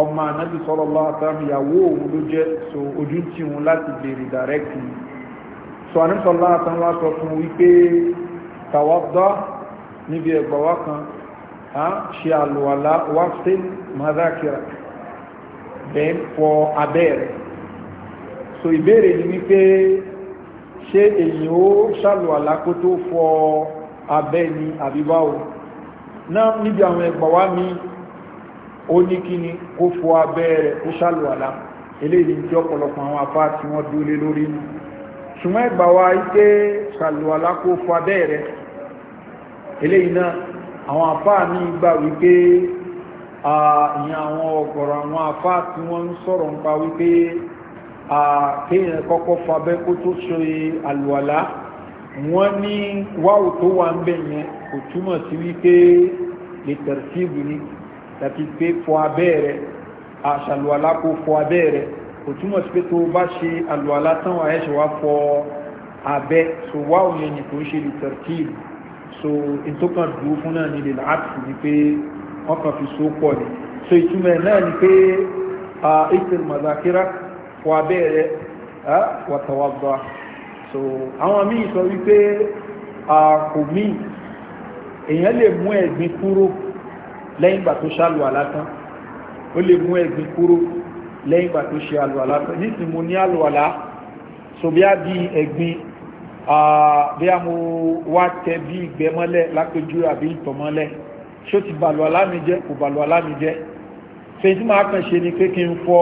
ọmọ ànábì sallallahu alaihi wasallam ìyàwó òun ló jẹ́ so ojú tí wọn láti bèèrè dàrẹ́kì so ànábì sallallahu alaihi wasallam wá sọ fún wípé tawadda níbi ẹgbà wá kan ṣe àlùwàlá wá sí mazakira then fọ abẹ́rẹ̀ so ìbéèrè ni wípé ṣé èyí ó ṣàlùwàlá kó tó fọ abẹ́ ni àbíbáwò náà níbi àwọn ẹgbà wá mi ó ní kí ni kó fọ abẹ́ rẹ̀ kó ṣàlùwàlá eléyìí tí ọ̀pọ̀lọpọ̀ àwọn afá tí wọ́n dúlé lórí mú ṣùgbọ́n ẹgbà wa ike ṣàlùwàlá kó fọ abẹ́ rẹ̀ eléyìí náà àwọn afá ní gbà wípé ìyẹn àwọn ọ̀gọ̀rọ̀ àwọn afá tí wọ́n ń sọ̀rọ̀ nípa wípé kéèyàn kọ́kọ́ fọ abẹ́ kó tó ṣe àlùwàlá wọ́n ní wáwù tó wà ń bẹ̀ kò túmọ̀ sí wípé lè tẹ̀síìbù ni tàbí pé fọ abẹ́ rẹ̀ àṣàlùwàlá kò fọ abẹ́ rẹ̀ kò túmọ̀ sí pé tó bá ṣe àlùwàlá tán wà ẹ̀ṣẹ̀ wá fọ so wá òun ẹni tó ń ṣe lè so n tó kàn dúró fún náà nílé láti ni pé wọ́n kàn fi so pọ̀ ni so ìtumọ̀ ẹ̀ náà ni pé ìtẹ̀lù màzàkírà fọ abẹ́ rẹ̀ wàtàwàgbà so àwọn míì sọ wípé kò míì èèyàn lè mú ẹ̀gbin kúrò lẹ́yìn ìgbà tó ṣàlù àlátán ó lè mú ẹ̀gbin kúrò lẹ́yìn ìgbà tó ṣe àlù àlátán nísìn mo ní àlù àlá so bí a bí ẹ̀gbin bí a mo wá tẹ bí ìgbẹ́ mọ́lẹ̀ lápẹjú àbí ìtọ̀ mọ́lẹ̀ ṣó ti bàlù àlá mi jẹ́ kò bàlù àlá mi jẹ́ fèyí tí máa kàn ṣe ni pé kí n fọ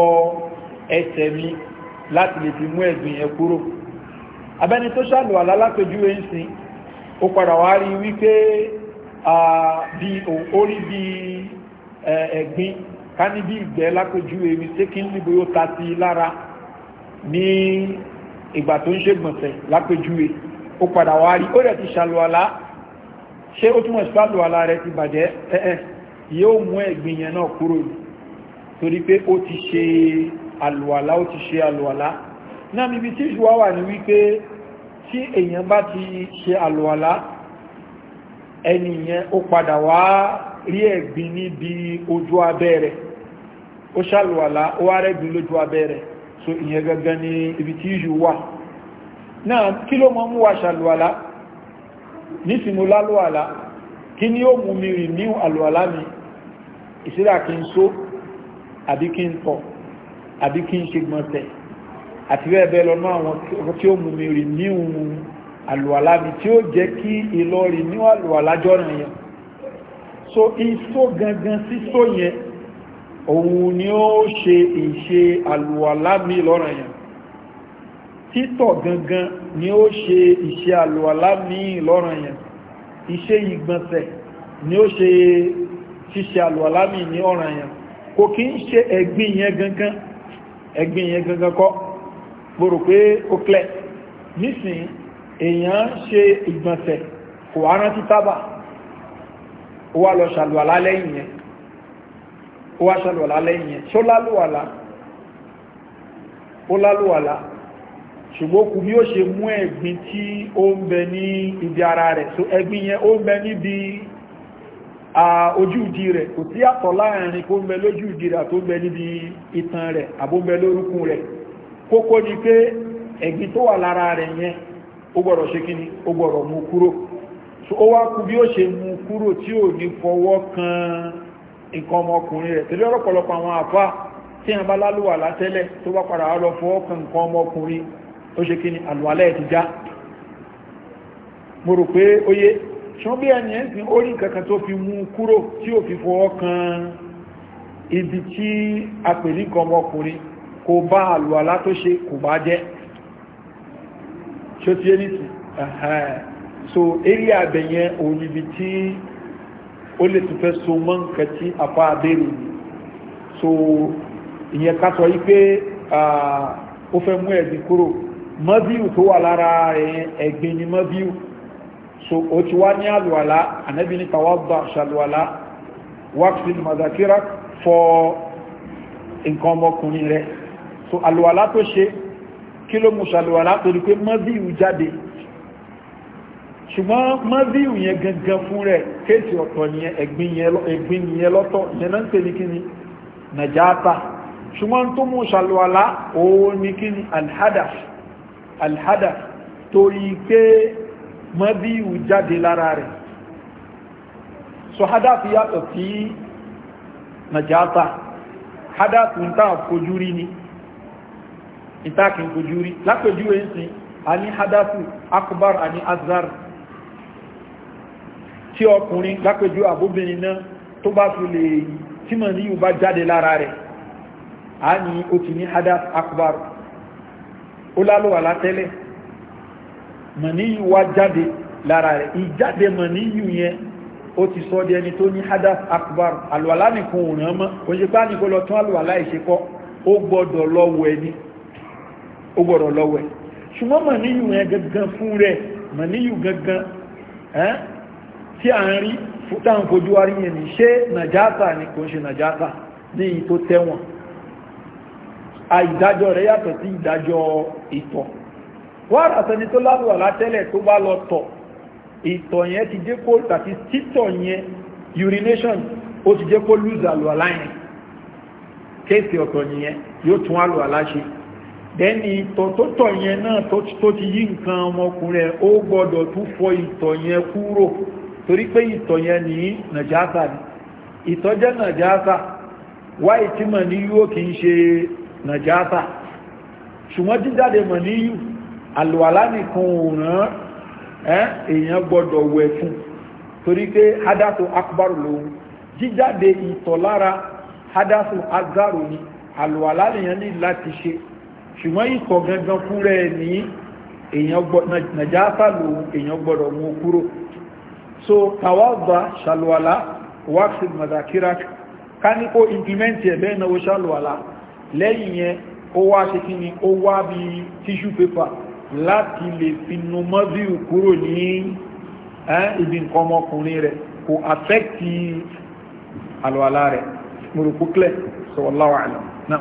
ẹsẹ̀ mi láti lè fi mú ẹ̀gbin yẹn kúrò abẹ́ni tó ṣàlù àlá lápẹjú ẹ̀ ń sìn ó padà wá rí wípé orí bí ẹ̀gbin ká ní bí ìgbẹ́ lápẹjú èmi ṣé kí n níbo yóò ta sí lára ní ìgbà tó ń ṣègbọ̀nsẹ̀ lápẹjú e ó padà wá rí ó rẹ̀ ti ṣàlùwàlá ṣé ó túnmọ̀ sí pàlùwàlá rẹ̀ ti bàjẹ́ ẹ̀ẹ́ yóò mú ẹ̀gbin yẹn náà kúrò torí pé ó ti ṣe àlùwàlá ó ti ṣe àlùwàlá náà níbi tí ìṣúwá wà ní wípé tí èèyàn bá ti ṣe àlùwàlá ẹniyàn ó padà wá rí ẹ̀gbin níbi ojú abẹ́rẹ̀ ó ṣàlùwàlá ó wá rẹ̀gbin lójú abẹ́rẹ̀ so ìyẹn gangan ni ibi tí yíò wà náà kí ló mọ́ mú wa ṣàlùwàlá nísìmú lálùwàlá kí ni ó mú mi rì ní àlùwàlá mi ìsílà kí n só àbí kí n tọ̀ àbí kí n ṣe gbọ̀nsẹ̀ àti bẹ́ẹ̀ bẹ́ẹ̀ lọ àwọn tí ó mú mi rì ní àlùwàlá mi tí ó jẹ́ kí ìlọrin ní àlùwàlá jọ́ràn yẹn so ìsó gangan sísó yẹn òun ni ó ṣe ìṣe àlùwàlá mi lọ́ràn yẹn títọ̀ gangan ni ó ṣe ìṣe àlùwàlá mi lọ́ràn yẹn ìṣe ìgbọ̀nsẹ̀ ni ó ṣe ṣíṣe àlùwàlá mi ní ọ̀ràn yẹn kò kí ń ṣe ẹ̀gbìn yẹn gangan ẹ̀gbìn yẹn gangan kọ́ mo pé ó klẹ̀ nísìnyí èèyàn ṣe ìgbọ̀nsẹ̀ kò wá rántí tábà ó wá lọ ṣàlùwàlá lẹ́yìn yẹn ó wá ṣàlùwàlá lẹ́yìn yẹn ṣó lálùwàlá ó lálùwàlá ṣùgbọ́n kù bí ó ṣe mú ẹ̀gbin tí ó ń bẹ ní ibi ara rẹ̀ so ẹ̀gbin yẹn ó ń bẹ níbi ojúdi rẹ̀ kò tí àtọ̀ láàrin kó ń bẹ lójúdi rẹ̀ tó ń bẹ níbi itan rẹ̀ àbó ń bẹ lórúkún rẹ̀ kókó ni pé ẹ̀gbin tó wà lára rẹ̀ yẹn ó gbọ́dọ̀ ṣe kí ni ó gbọ́dọ̀ mú kúrò so ó wá kú bí ó ṣe mú kúrò tí ò ní fọwọ́ kan nǹkan ọmọkùnrin rẹ̀ tẹ́lẹ̀ àwọn àfá tí a bá lálùwà látẹ́lẹ̀ tó bá padà lọ fọwọ́ kan nǹkan ọmọkùnrin ó ṣe kí ni ibi ọmọkùnrin ṣó ti so eré abẹ̀yẹn òun níbi tí ó lè tún fẹ́ so mọ́ nǹkan tí apá abẹ́rẹ́ ni so ìyẹn ká yìí pé ó fẹ́ mú ẹ̀gbin kúrò mọ́bíù tó wà lára ẹ̀gbin ni mọ́bíù so ó ti wá ní àlùwàlá ànábì ní tàwádà ṣàlùwàlá wáksìn mazakira fọ nǹkan ọmọkùnrin rẹ̀ so àlùwàlá tó ṣe kí ló mú ṣàlùwàlá torí pé mọ́bíù jáde ṣùgbọ́n mọ́bíù yẹn gangan fún rẹ̀ kéèsì ọ̀tọ̀ yẹn ẹ̀gbin yẹn lọ́tọ̀ yẹn náà ń pè ní kíni nàjáàtà ṣùgbọ́n tó mú ṣàlùwàlá òun ní kíni alhadaf torí pé mọ́bíù jáde lára rẹ̀ so hadaf yàtọ̀ sí nàjáàtà hadaf ń tà fojú rí ni. So, ìtàkì kojú rí lápẹjúwe ń sin a ní hadasu akbar a ní azar tí ọkùnrin lápẹjú àbóbìnrin náà tó bá fi lè tí mọ̀ ní ìwọ̀n bá jáde lára rẹ̀ a ní o ti ní hadasu akbar ó lálọ́wà látẹ́lẹ̀ mọ̀ ní ìwà jáde lára rẹ̀ ìjáde mọ̀ ní ìyẹn ó ti sọ di ẹni tó ní hadas akbar alùwàlá nìkan ò rán mọ́ òṣèpá ó gbọ́dọ̀ lọ́wẹ̀ ṣùgbọ́n màníyù yẹn gangan fún rẹ̀ màníyù gangan tí a ń rí fútàn fojú wárí yẹn ni ṣe nàjátà ni kò ń ṣe nàjátà ní èyí tó tẹ́wọ̀n àìdájọ́ rẹ̀ yàtọ̀ sí ìdájọ́ ìtọ̀ wà àtẹni tó lábùwà látẹ́lẹ̀ tó bá lọ tọ̀ ìtọ̀ yẹn ti jẹ́ kó tàbí títọ̀ yẹn urination ó ti jẹ́ kó lùzà lù aláyẹn kéèsì ọ̀tọ̀ nìyẹn yóò tún àlù aláṣẹ dẹ́ni tótó yẹn náà tó ti yí nǹkan ọmọkùnrin ó gbọ́dọ̀ tún fọ ìtọ̀ kúrò torí pé ìtọ̀ ní ni ìtọ̀ jẹ́ nàjásà wáyé mọ̀ ní yóò kì í ṣe ṣùgbọ́n jíjáde mọ̀ ní yù àlùwàlá nìkan òòrùn èèyàn gbọ́dọ̀ wẹ̀ fún torí pé hadasu akbar lòun jíjáde ìtọ̀ lára hadasu agaru ni àlùwàlá nìyẹn ní láti ṣe ṣùgbọ́n ikọ̀ gangan fún rẹ̀ ní nàjásà ló èèyàn gbọ́dọ̀ mú kúrò so tàwọ́gbà ṣàlùwàlá waxid mazakirak ká ní kó implement ẹ̀ bẹ́ẹ̀ ṣàlùwàlá lẹ́yìn yẹn ó wá ṣe kí ni ó wá bí tissue paper láti lè fi numọ́víù kúrò ní ibi nǹkan ọmọkùnrin rẹ̀ kò so wallahu a'lam náà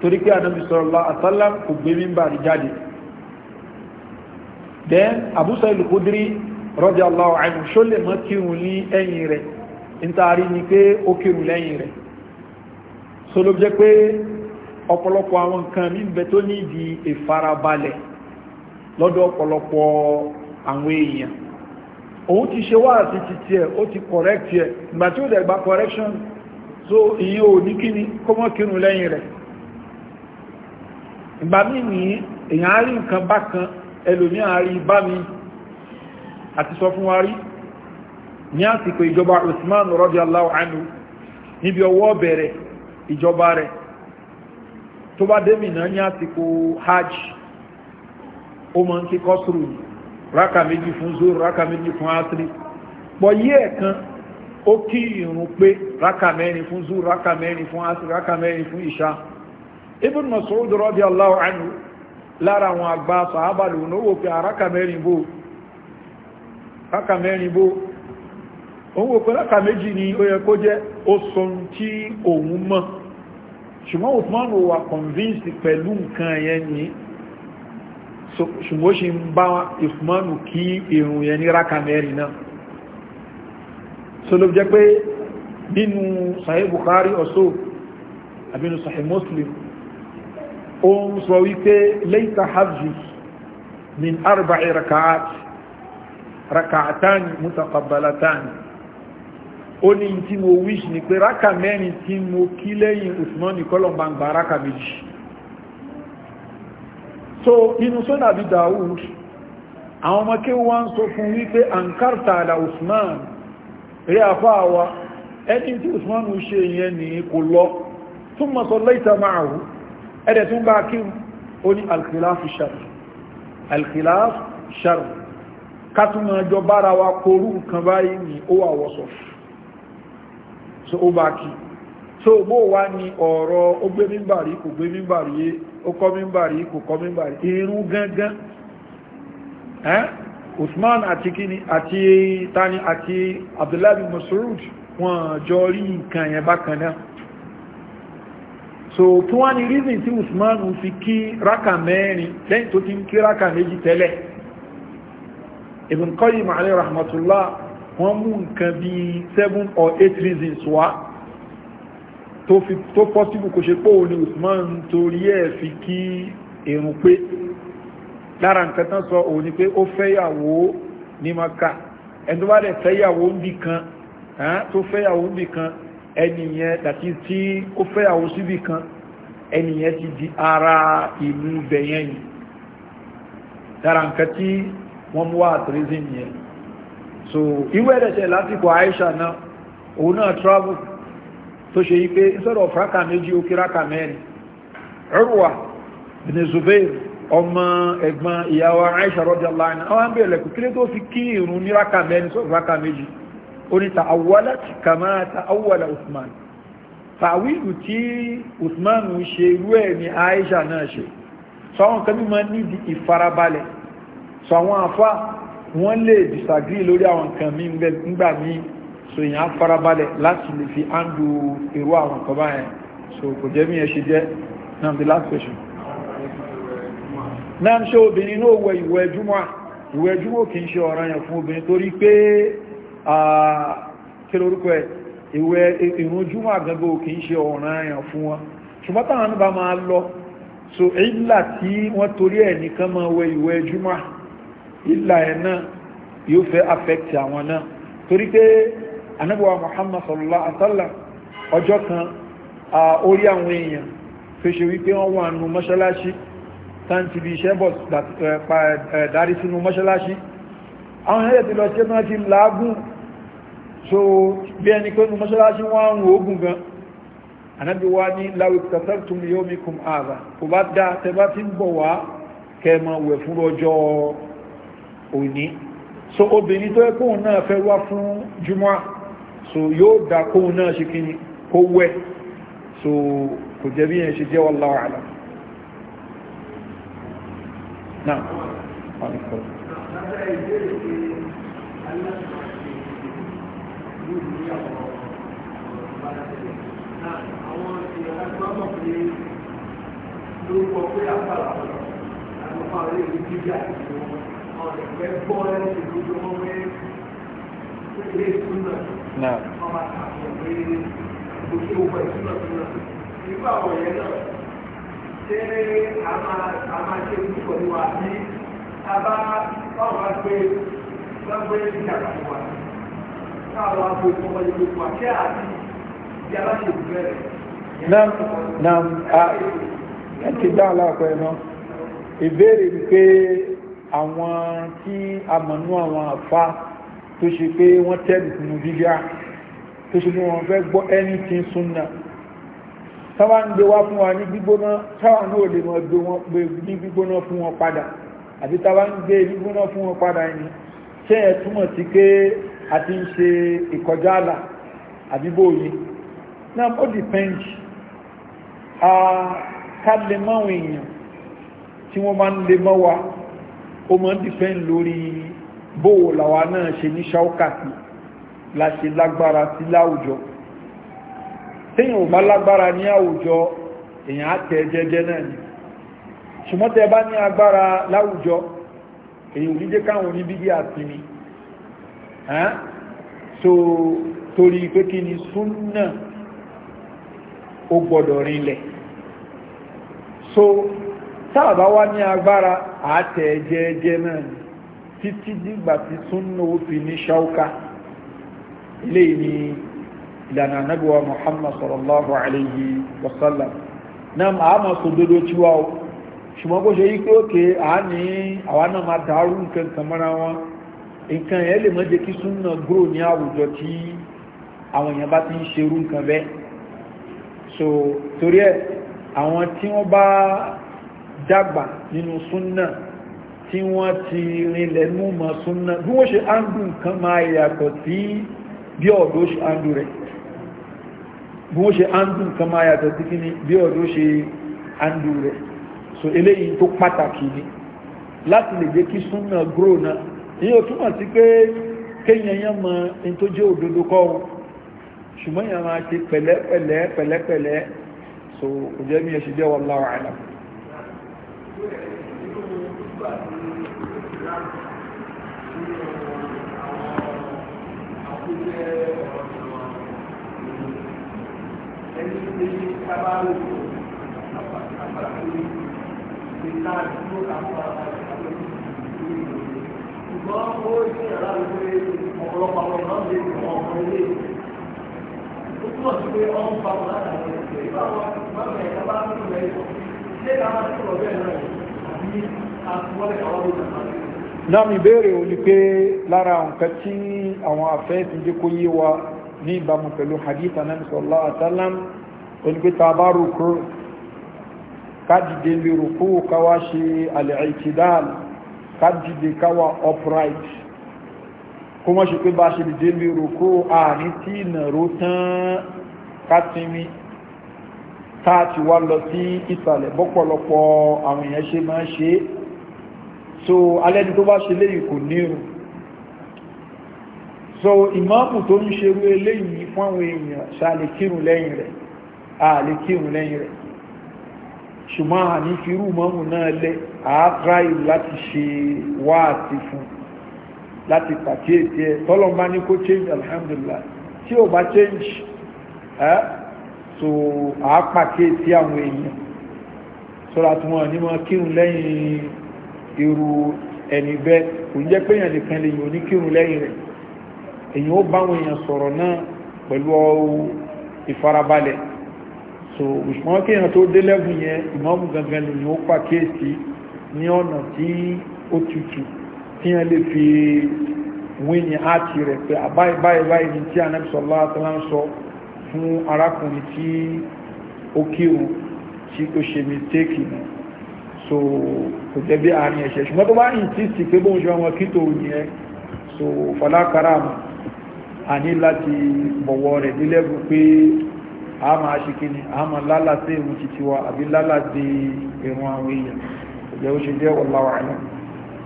torí pé ànábì sallallahu alaihi wasallam kò gbé mímbà rí jáde then ní ẹ̀yìn rẹ ntaari ni pé ó kírun lẹ́yìn rẹ̀ so pé ọpọlọpọ àwọn nǹkan níbẹ̀ tó ní ìdí ìfarabalẹ̀ lọ́dọ̀ ọ̀pọ̀lọpọ̀ àwọn èèyàn òun ti ṣe wá àti ó ti correct ìgbà mí ní èyàn á rí nǹkan bákan ẹlòmí àárí bá mi àti sọ fún wa rí ní àsìkò ìjọba Usman radiyallahu anhu níbi ọwọ́ bẹ̀rẹ̀ ìjọba rẹ̀ tó bá dẹ́mìnà ní àsìkò hajj ó mọ́ kí kọ́sùrù ráka méjì fún zoro ráka méjì fún asiri pọ̀ yí ẹ̀kan ó kí ìrùn pé ráka mẹ́rin fún zoro ráka mẹ́rin fún asiri ráka mẹ́rin fún ìṣá ibn masoud radiyallahu anhu lára àwọn àgbà sàábà lòun ó wò pé àrákà ah, mẹ́rin bó rákà mẹ́rin bó òun wò pé rákà méjì ni ó yẹ kó jẹ́ ó sọ tí òun mọ̀ ṣùgbọ́n Uthman wà convinced pẹ̀lú nǹkan yẹn ni ṣùgbọ́n ṣe ń bá Uthman kí èrùn yẹn ní rákà mẹ́rin náà so jẹ́ pé nínú Sahih Bukhari ọ̀sọ́ àbínú Sahih Muslim ó ń sọ wípé leita hajji min arba'i raka'at raka'atani mutaqabbalatani ó ní tí mo wish ni pé raka mẹ́rin tí mo kí lẹ́yìn usman ní kọlọmbà ń gba raka méjì so nínú sọ́nà àbí daoud àwọn ọmọ kí wọ́n sọ fún wípé ankarta ala usman rí àfáà wa ẹni tí usman ń ṣe ìyẹn ní kò lọ thumma sallaita ma'ahu ẹ̀dẹ̀ tún bá kí o ní alkhilaf shar alkhilaf shar kátùmọ̀ ẹjọ́ bára wa korú nǹkan báyìí ni ó wà wọ́sọ̀ so ó bá kí so bó wá ní ọ̀rọ̀ ó gbé mímbàrí kò gbé mímbàrí ó kọ́ mímbàrí kò kọ́ mímbàrí irun gangan ẹ́ Usman àti kíni àti tani àti Abdullahi Mas'ud wọn jọ rí nǹkan yẹn bákan náà so kí wọ́n ní reason tí usman fi kí rákà mẹ́rin lẹ́yìn tó ti ń kí rákà méjì tẹ́lẹ̀ Ibn Qayyim alayhi rahmatullah wọ́n mú nǹkan bí seven or eight reasons wá tó fi tó possible kò ṣe pé òun ni usman torí ẹ̀ fi kí irun pé lára nǹkan tán sọ òun ni pé ó fẹ́yàwó ní maka ẹni tó bá dẹ̀ fẹ́yàwó ń bì kan tó fẹ́yàwó ń bì kan ẹniyẹn tàbí tí ó fẹ́ àwọn síbì kan ẹniyẹn ti di ara ìlú bẹ̀yẹn dára nǹkan tí wọ́n mú wá àtìrísìn yẹn so ìwé ẹ̀dẹ̀ṣẹ̀ lásìkò Aisha náà òun náà travel tó ṣe yí pé sọ́dọ̀ fúráka méjì ó kíráka mẹ́rin Urwa bin ọmọ ẹ̀gbọ́n ìyàwó Aisha radiyallahu anha àwọn àbẹ̀lẹ̀kù kílé tó fi kí ìrún níraka mẹ́rin sọ́dọ̀ fúráka méjì oní tààwọ́lá ti kàmá tààwọ́lá usman tàwílù tí usman ṣe irú ẹ̀ ní aisha náà ṣe sọ àwọn kan mímọ níbi ìfarabalẹ̀ sọ àwọn afá wọ́n lè disagree lórí àwọn nǹkan mi nígbà mi so èèyàn afarabalẹ̀ láti lè fi áńdù irú àwọn nǹkan báyẹn so kò jẹ́ mi ẹ̀ ṣe jẹ́ now the last question náà ṣe obìnrin náà wọ ìwẹ̀ júmọ́ ìwẹ̀ júmọ́ kì í ṣe ọ̀ranyàn fún obìnrin torí pé kí lórúkọ ẹ̀ ìwẹ̀ ìrun júmọ̀ àgbẹ̀gbẹ̀ òkè ń ṣe ọ̀ràn àyàn fún wọn ṣùgbọ́n táwọn bá máa lọ so ìlà tí wọ́n torí ẹ̀ nìkan máa wẹ ìwẹ̀ júmọ̀ ìlà ẹ̀ náà yóò fẹ́ affect àwọn náà torí pé anábọ̀wá Muhammad sallallahu alaihi wasallam ọjọ́ kan orí àwọn èèyàn tó ṣe wípé wọ́n wà nù mọ́ṣáláṣí tán ti bí iṣẹ́ bọ̀ dárí sínú mọ́ṣáláṣí àwọn ẹ̀yẹ́ ti lọ ṣe tán ti làágùn so bí ẹni pé mọ́ṣáláṣí wọ́n ń ogun gan anábi wá ní láwí kàtàkùn yóò mi kùn ààbà kò bá dá tẹbá tí ń bọ̀ wá kẹmọ wẹ̀ fún ọjọ́ òní so obìnrin tó ẹkùn náà fẹ́ wá fún jùmọ́ so yóò dá kóhun náà ṣe kí kó wẹ̀ so kò jẹ́ bí ẹ̀ ṣe jẹ́ wallahu a'lam náà wọ́n ni kọ́ ṣe lórúkọ pé àpàlà àwọn ọmọ rẹ̀ ní bíbí àti wọn ọ̀rẹ́ gbọ́ ẹni lójú wọn pé ilé ìsúná wọn máa tàbí pé ojú owó ìsúná ìsúná nígbà wọ̀nyẹn náà ṣé a máa ṣe ojú pẹ̀lú wa ní abá báwọn á gbé gbàgbé ìjàmbá wa káwọn á gbé ọmọ ìlú àti ìjàmbá ṣe bẹ̀rẹ̀ nam nam a ẹ̀kí dá aláàpọ̀ ẹ̀nà ìbéèrè pé àwọn tí a mọ̀nú àwọn àfá tó ṣe pé wọ́n tẹ́lù sínú bíbíà tó ṣe ní wọ́n fẹ́ gbọ́ anything sunna táwa ń gbé wá fún wa ní gbígbóná táwa náà lè mọ̀ gbé wọn pé ní gbígbóná fún wọn padà àbí táwa ń gbé gbígbóná fún wọn padà ẹni ṣé ẹ túmọ̀ sí pé a ti ń ṣe ìkọjá àlà àbí bóyí náà ó dìpẹ́ǹdì ká lè máwọn èèyàn tí wọ́n bá ń lè mọ́ wa ó mọ́ dìpẹ́ǹ lórí bóò làwa náà ṣe ní ṣáúkàtì láṣe lágbára sí láwùjọ téèyàn ò bá lágbára ní àwùjọ èèyàn á tẹ̀ náà ni ṣùgbọ́n tẹ bá ní agbára láwùjọ èyí ò ní jẹ́ káwọn oníbíbí àti mi so torí pé kí ni súnnà ó gbọ́dọ̀ rinlẹ̀ so táàbá wá ní agbára àátẹ̀ jẹ́ẹ́jẹ́ náà ni títí dìgbà tí súnà ó fi ní ṣáúká ilé ní ìlànà anábíwá muhammad sallallahu alayhi wa sallam náà màá máa sọ dodo tí wá o ṣùgbọ́n bó ṣe yí pé òkè àání àwa náà máa dàrú nǹkan kan mọ́ra wọn nǹkan yẹn lè mọ́ jẹ́ kí súnà gúrò ní àwùjọ tí àwọn èèyàn bá ti ń ṣerú nǹkan bẹ́ẹ̀ so torí ẹ̀ àwọn tí wọ́n bá dàgbà nínú súnnà tí wọ́n ti rinlẹ̀ mú mọ̀ súnnà bí wọ́n ṣe áńdù nǹkan máa yàtọ̀ sí bí ọ̀dọ́ ṣe áńdù rẹ̀ bí wọ́n ṣe áńdù nǹkan máa yàtọ̀ sí kíní bí ọ̀dọ́ ṣe áńdù rẹ̀ so eléyìí tó pàtàkì ni láti lè jẹ́ kí súnnà grow náà ìyẹn ò túmọ̀ sí pé kéèyàn yẹn mọ ẹni tó jẹ́ òdodo kọ́ wọn ṣùgbọ́n yẹn máa ti pẹ̀lẹ́pẹ̀lẹ́ pẹ̀lẹ́pẹ̀lẹ́ so kò jẹ́ bí ẹṣì jẹ́ wallahu a'lam Ìgbọ́n ó ní ẹ̀rọ ìwé ọ̀pọ̀lọpọ̀ àwọn ọ̀nà ìgbọ̀n ọ̀pọ̀ ilé túmọ̀ sí pé ọ̀n fa wọn látàrí ẹ̀ nígbà wọn máa bẹ̀rẹ̀ ká bá ń tún lẹ́yìn sọ ṣé ká máa tún lọ bẹ́ẹ̀ náà àbí àtúwọ́lẹ̀ àwọn ọdún náà náà ìbéèrè ò ní pé lára nǹkan tí àwọn afẹ́ ti jẹ́ kó yé wa ní ìbámu pẹ̀lú hadith anabi sallallahu alaihi wasallam onígbé tá bá rúkú ká lè rúkú ká ṣe al-i'tidal ká dìde upright kó mọ́ ṣe pé bá ṣe lè dé bí roko àní tí ìnàró tán kátìmí táàtì wá lọ sí ìsàlẹ̀ bọ́pọ̀lọpọ̀ àwọn èèyàn ṣe máa ṣe so alẹ́ni tó bá ṣe léyìí kò nírun so ìmáàmù tó ń ṣerú eléyìí fún àwọn èèyàn ṣàlékírun lẹ́yìn rẹ̀ àlékírun lẹ́yìn rẹ̀ ṣùgbọ́n àní firú mọ́mù náà lẹ́ àátráì láti ṣe wáàtí fún un láti pàkíyèsí ẹ tọ́lọ̀ bá ní kó change alhamdulillah tí ò bá change ẹ́ so à á pàkíyèsí àwọn èèyàn sọ́ra tí wọ́n ní wọ́n kírun lẹ́yìn irú ẹni bẹ́ẹ̀ kò ń jẹ́ pé èèyàn nìkan lè yàn ó ní kírun lẹ́yìn rẹ̀ èèyàn ó bá àwọn èèyàn sọ̀rọ̀ náà pẹ̀lú ìfarabalẹ̀ so òṣùwọ́n kí èèyàn tó dé lẹ́gùn yẹn ìmọ̀ọ́mù gangan lè yàn ó pàkíyèsí ní ọ̀nà tí ó tutù tí a lè fi wíni áti rẹ̀ pé àbáyìbáyìbáyì ní tí Ànábì sallallahu alaihi wasallam sọ fún arákùnrin tí ó kírun tí ó ṣe mistake ni so kò jẹ́ bí àárín ẹ̀ṣẹ̀ ṣùgbọ́n tó bá ń tí sí pé bóun ṣe wọn kító nìyẹn so fọlákàrà mọ̀ a ní láti bọ̀wọ̀ rẹ̀ nílẹ́bù pé a máa ṣe kí ni a máa lálàá sí ìrun títí wa àbí lálàá sí àwọn èèyàn kò ó ṣe jẹ́ wallahu a'lam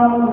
الله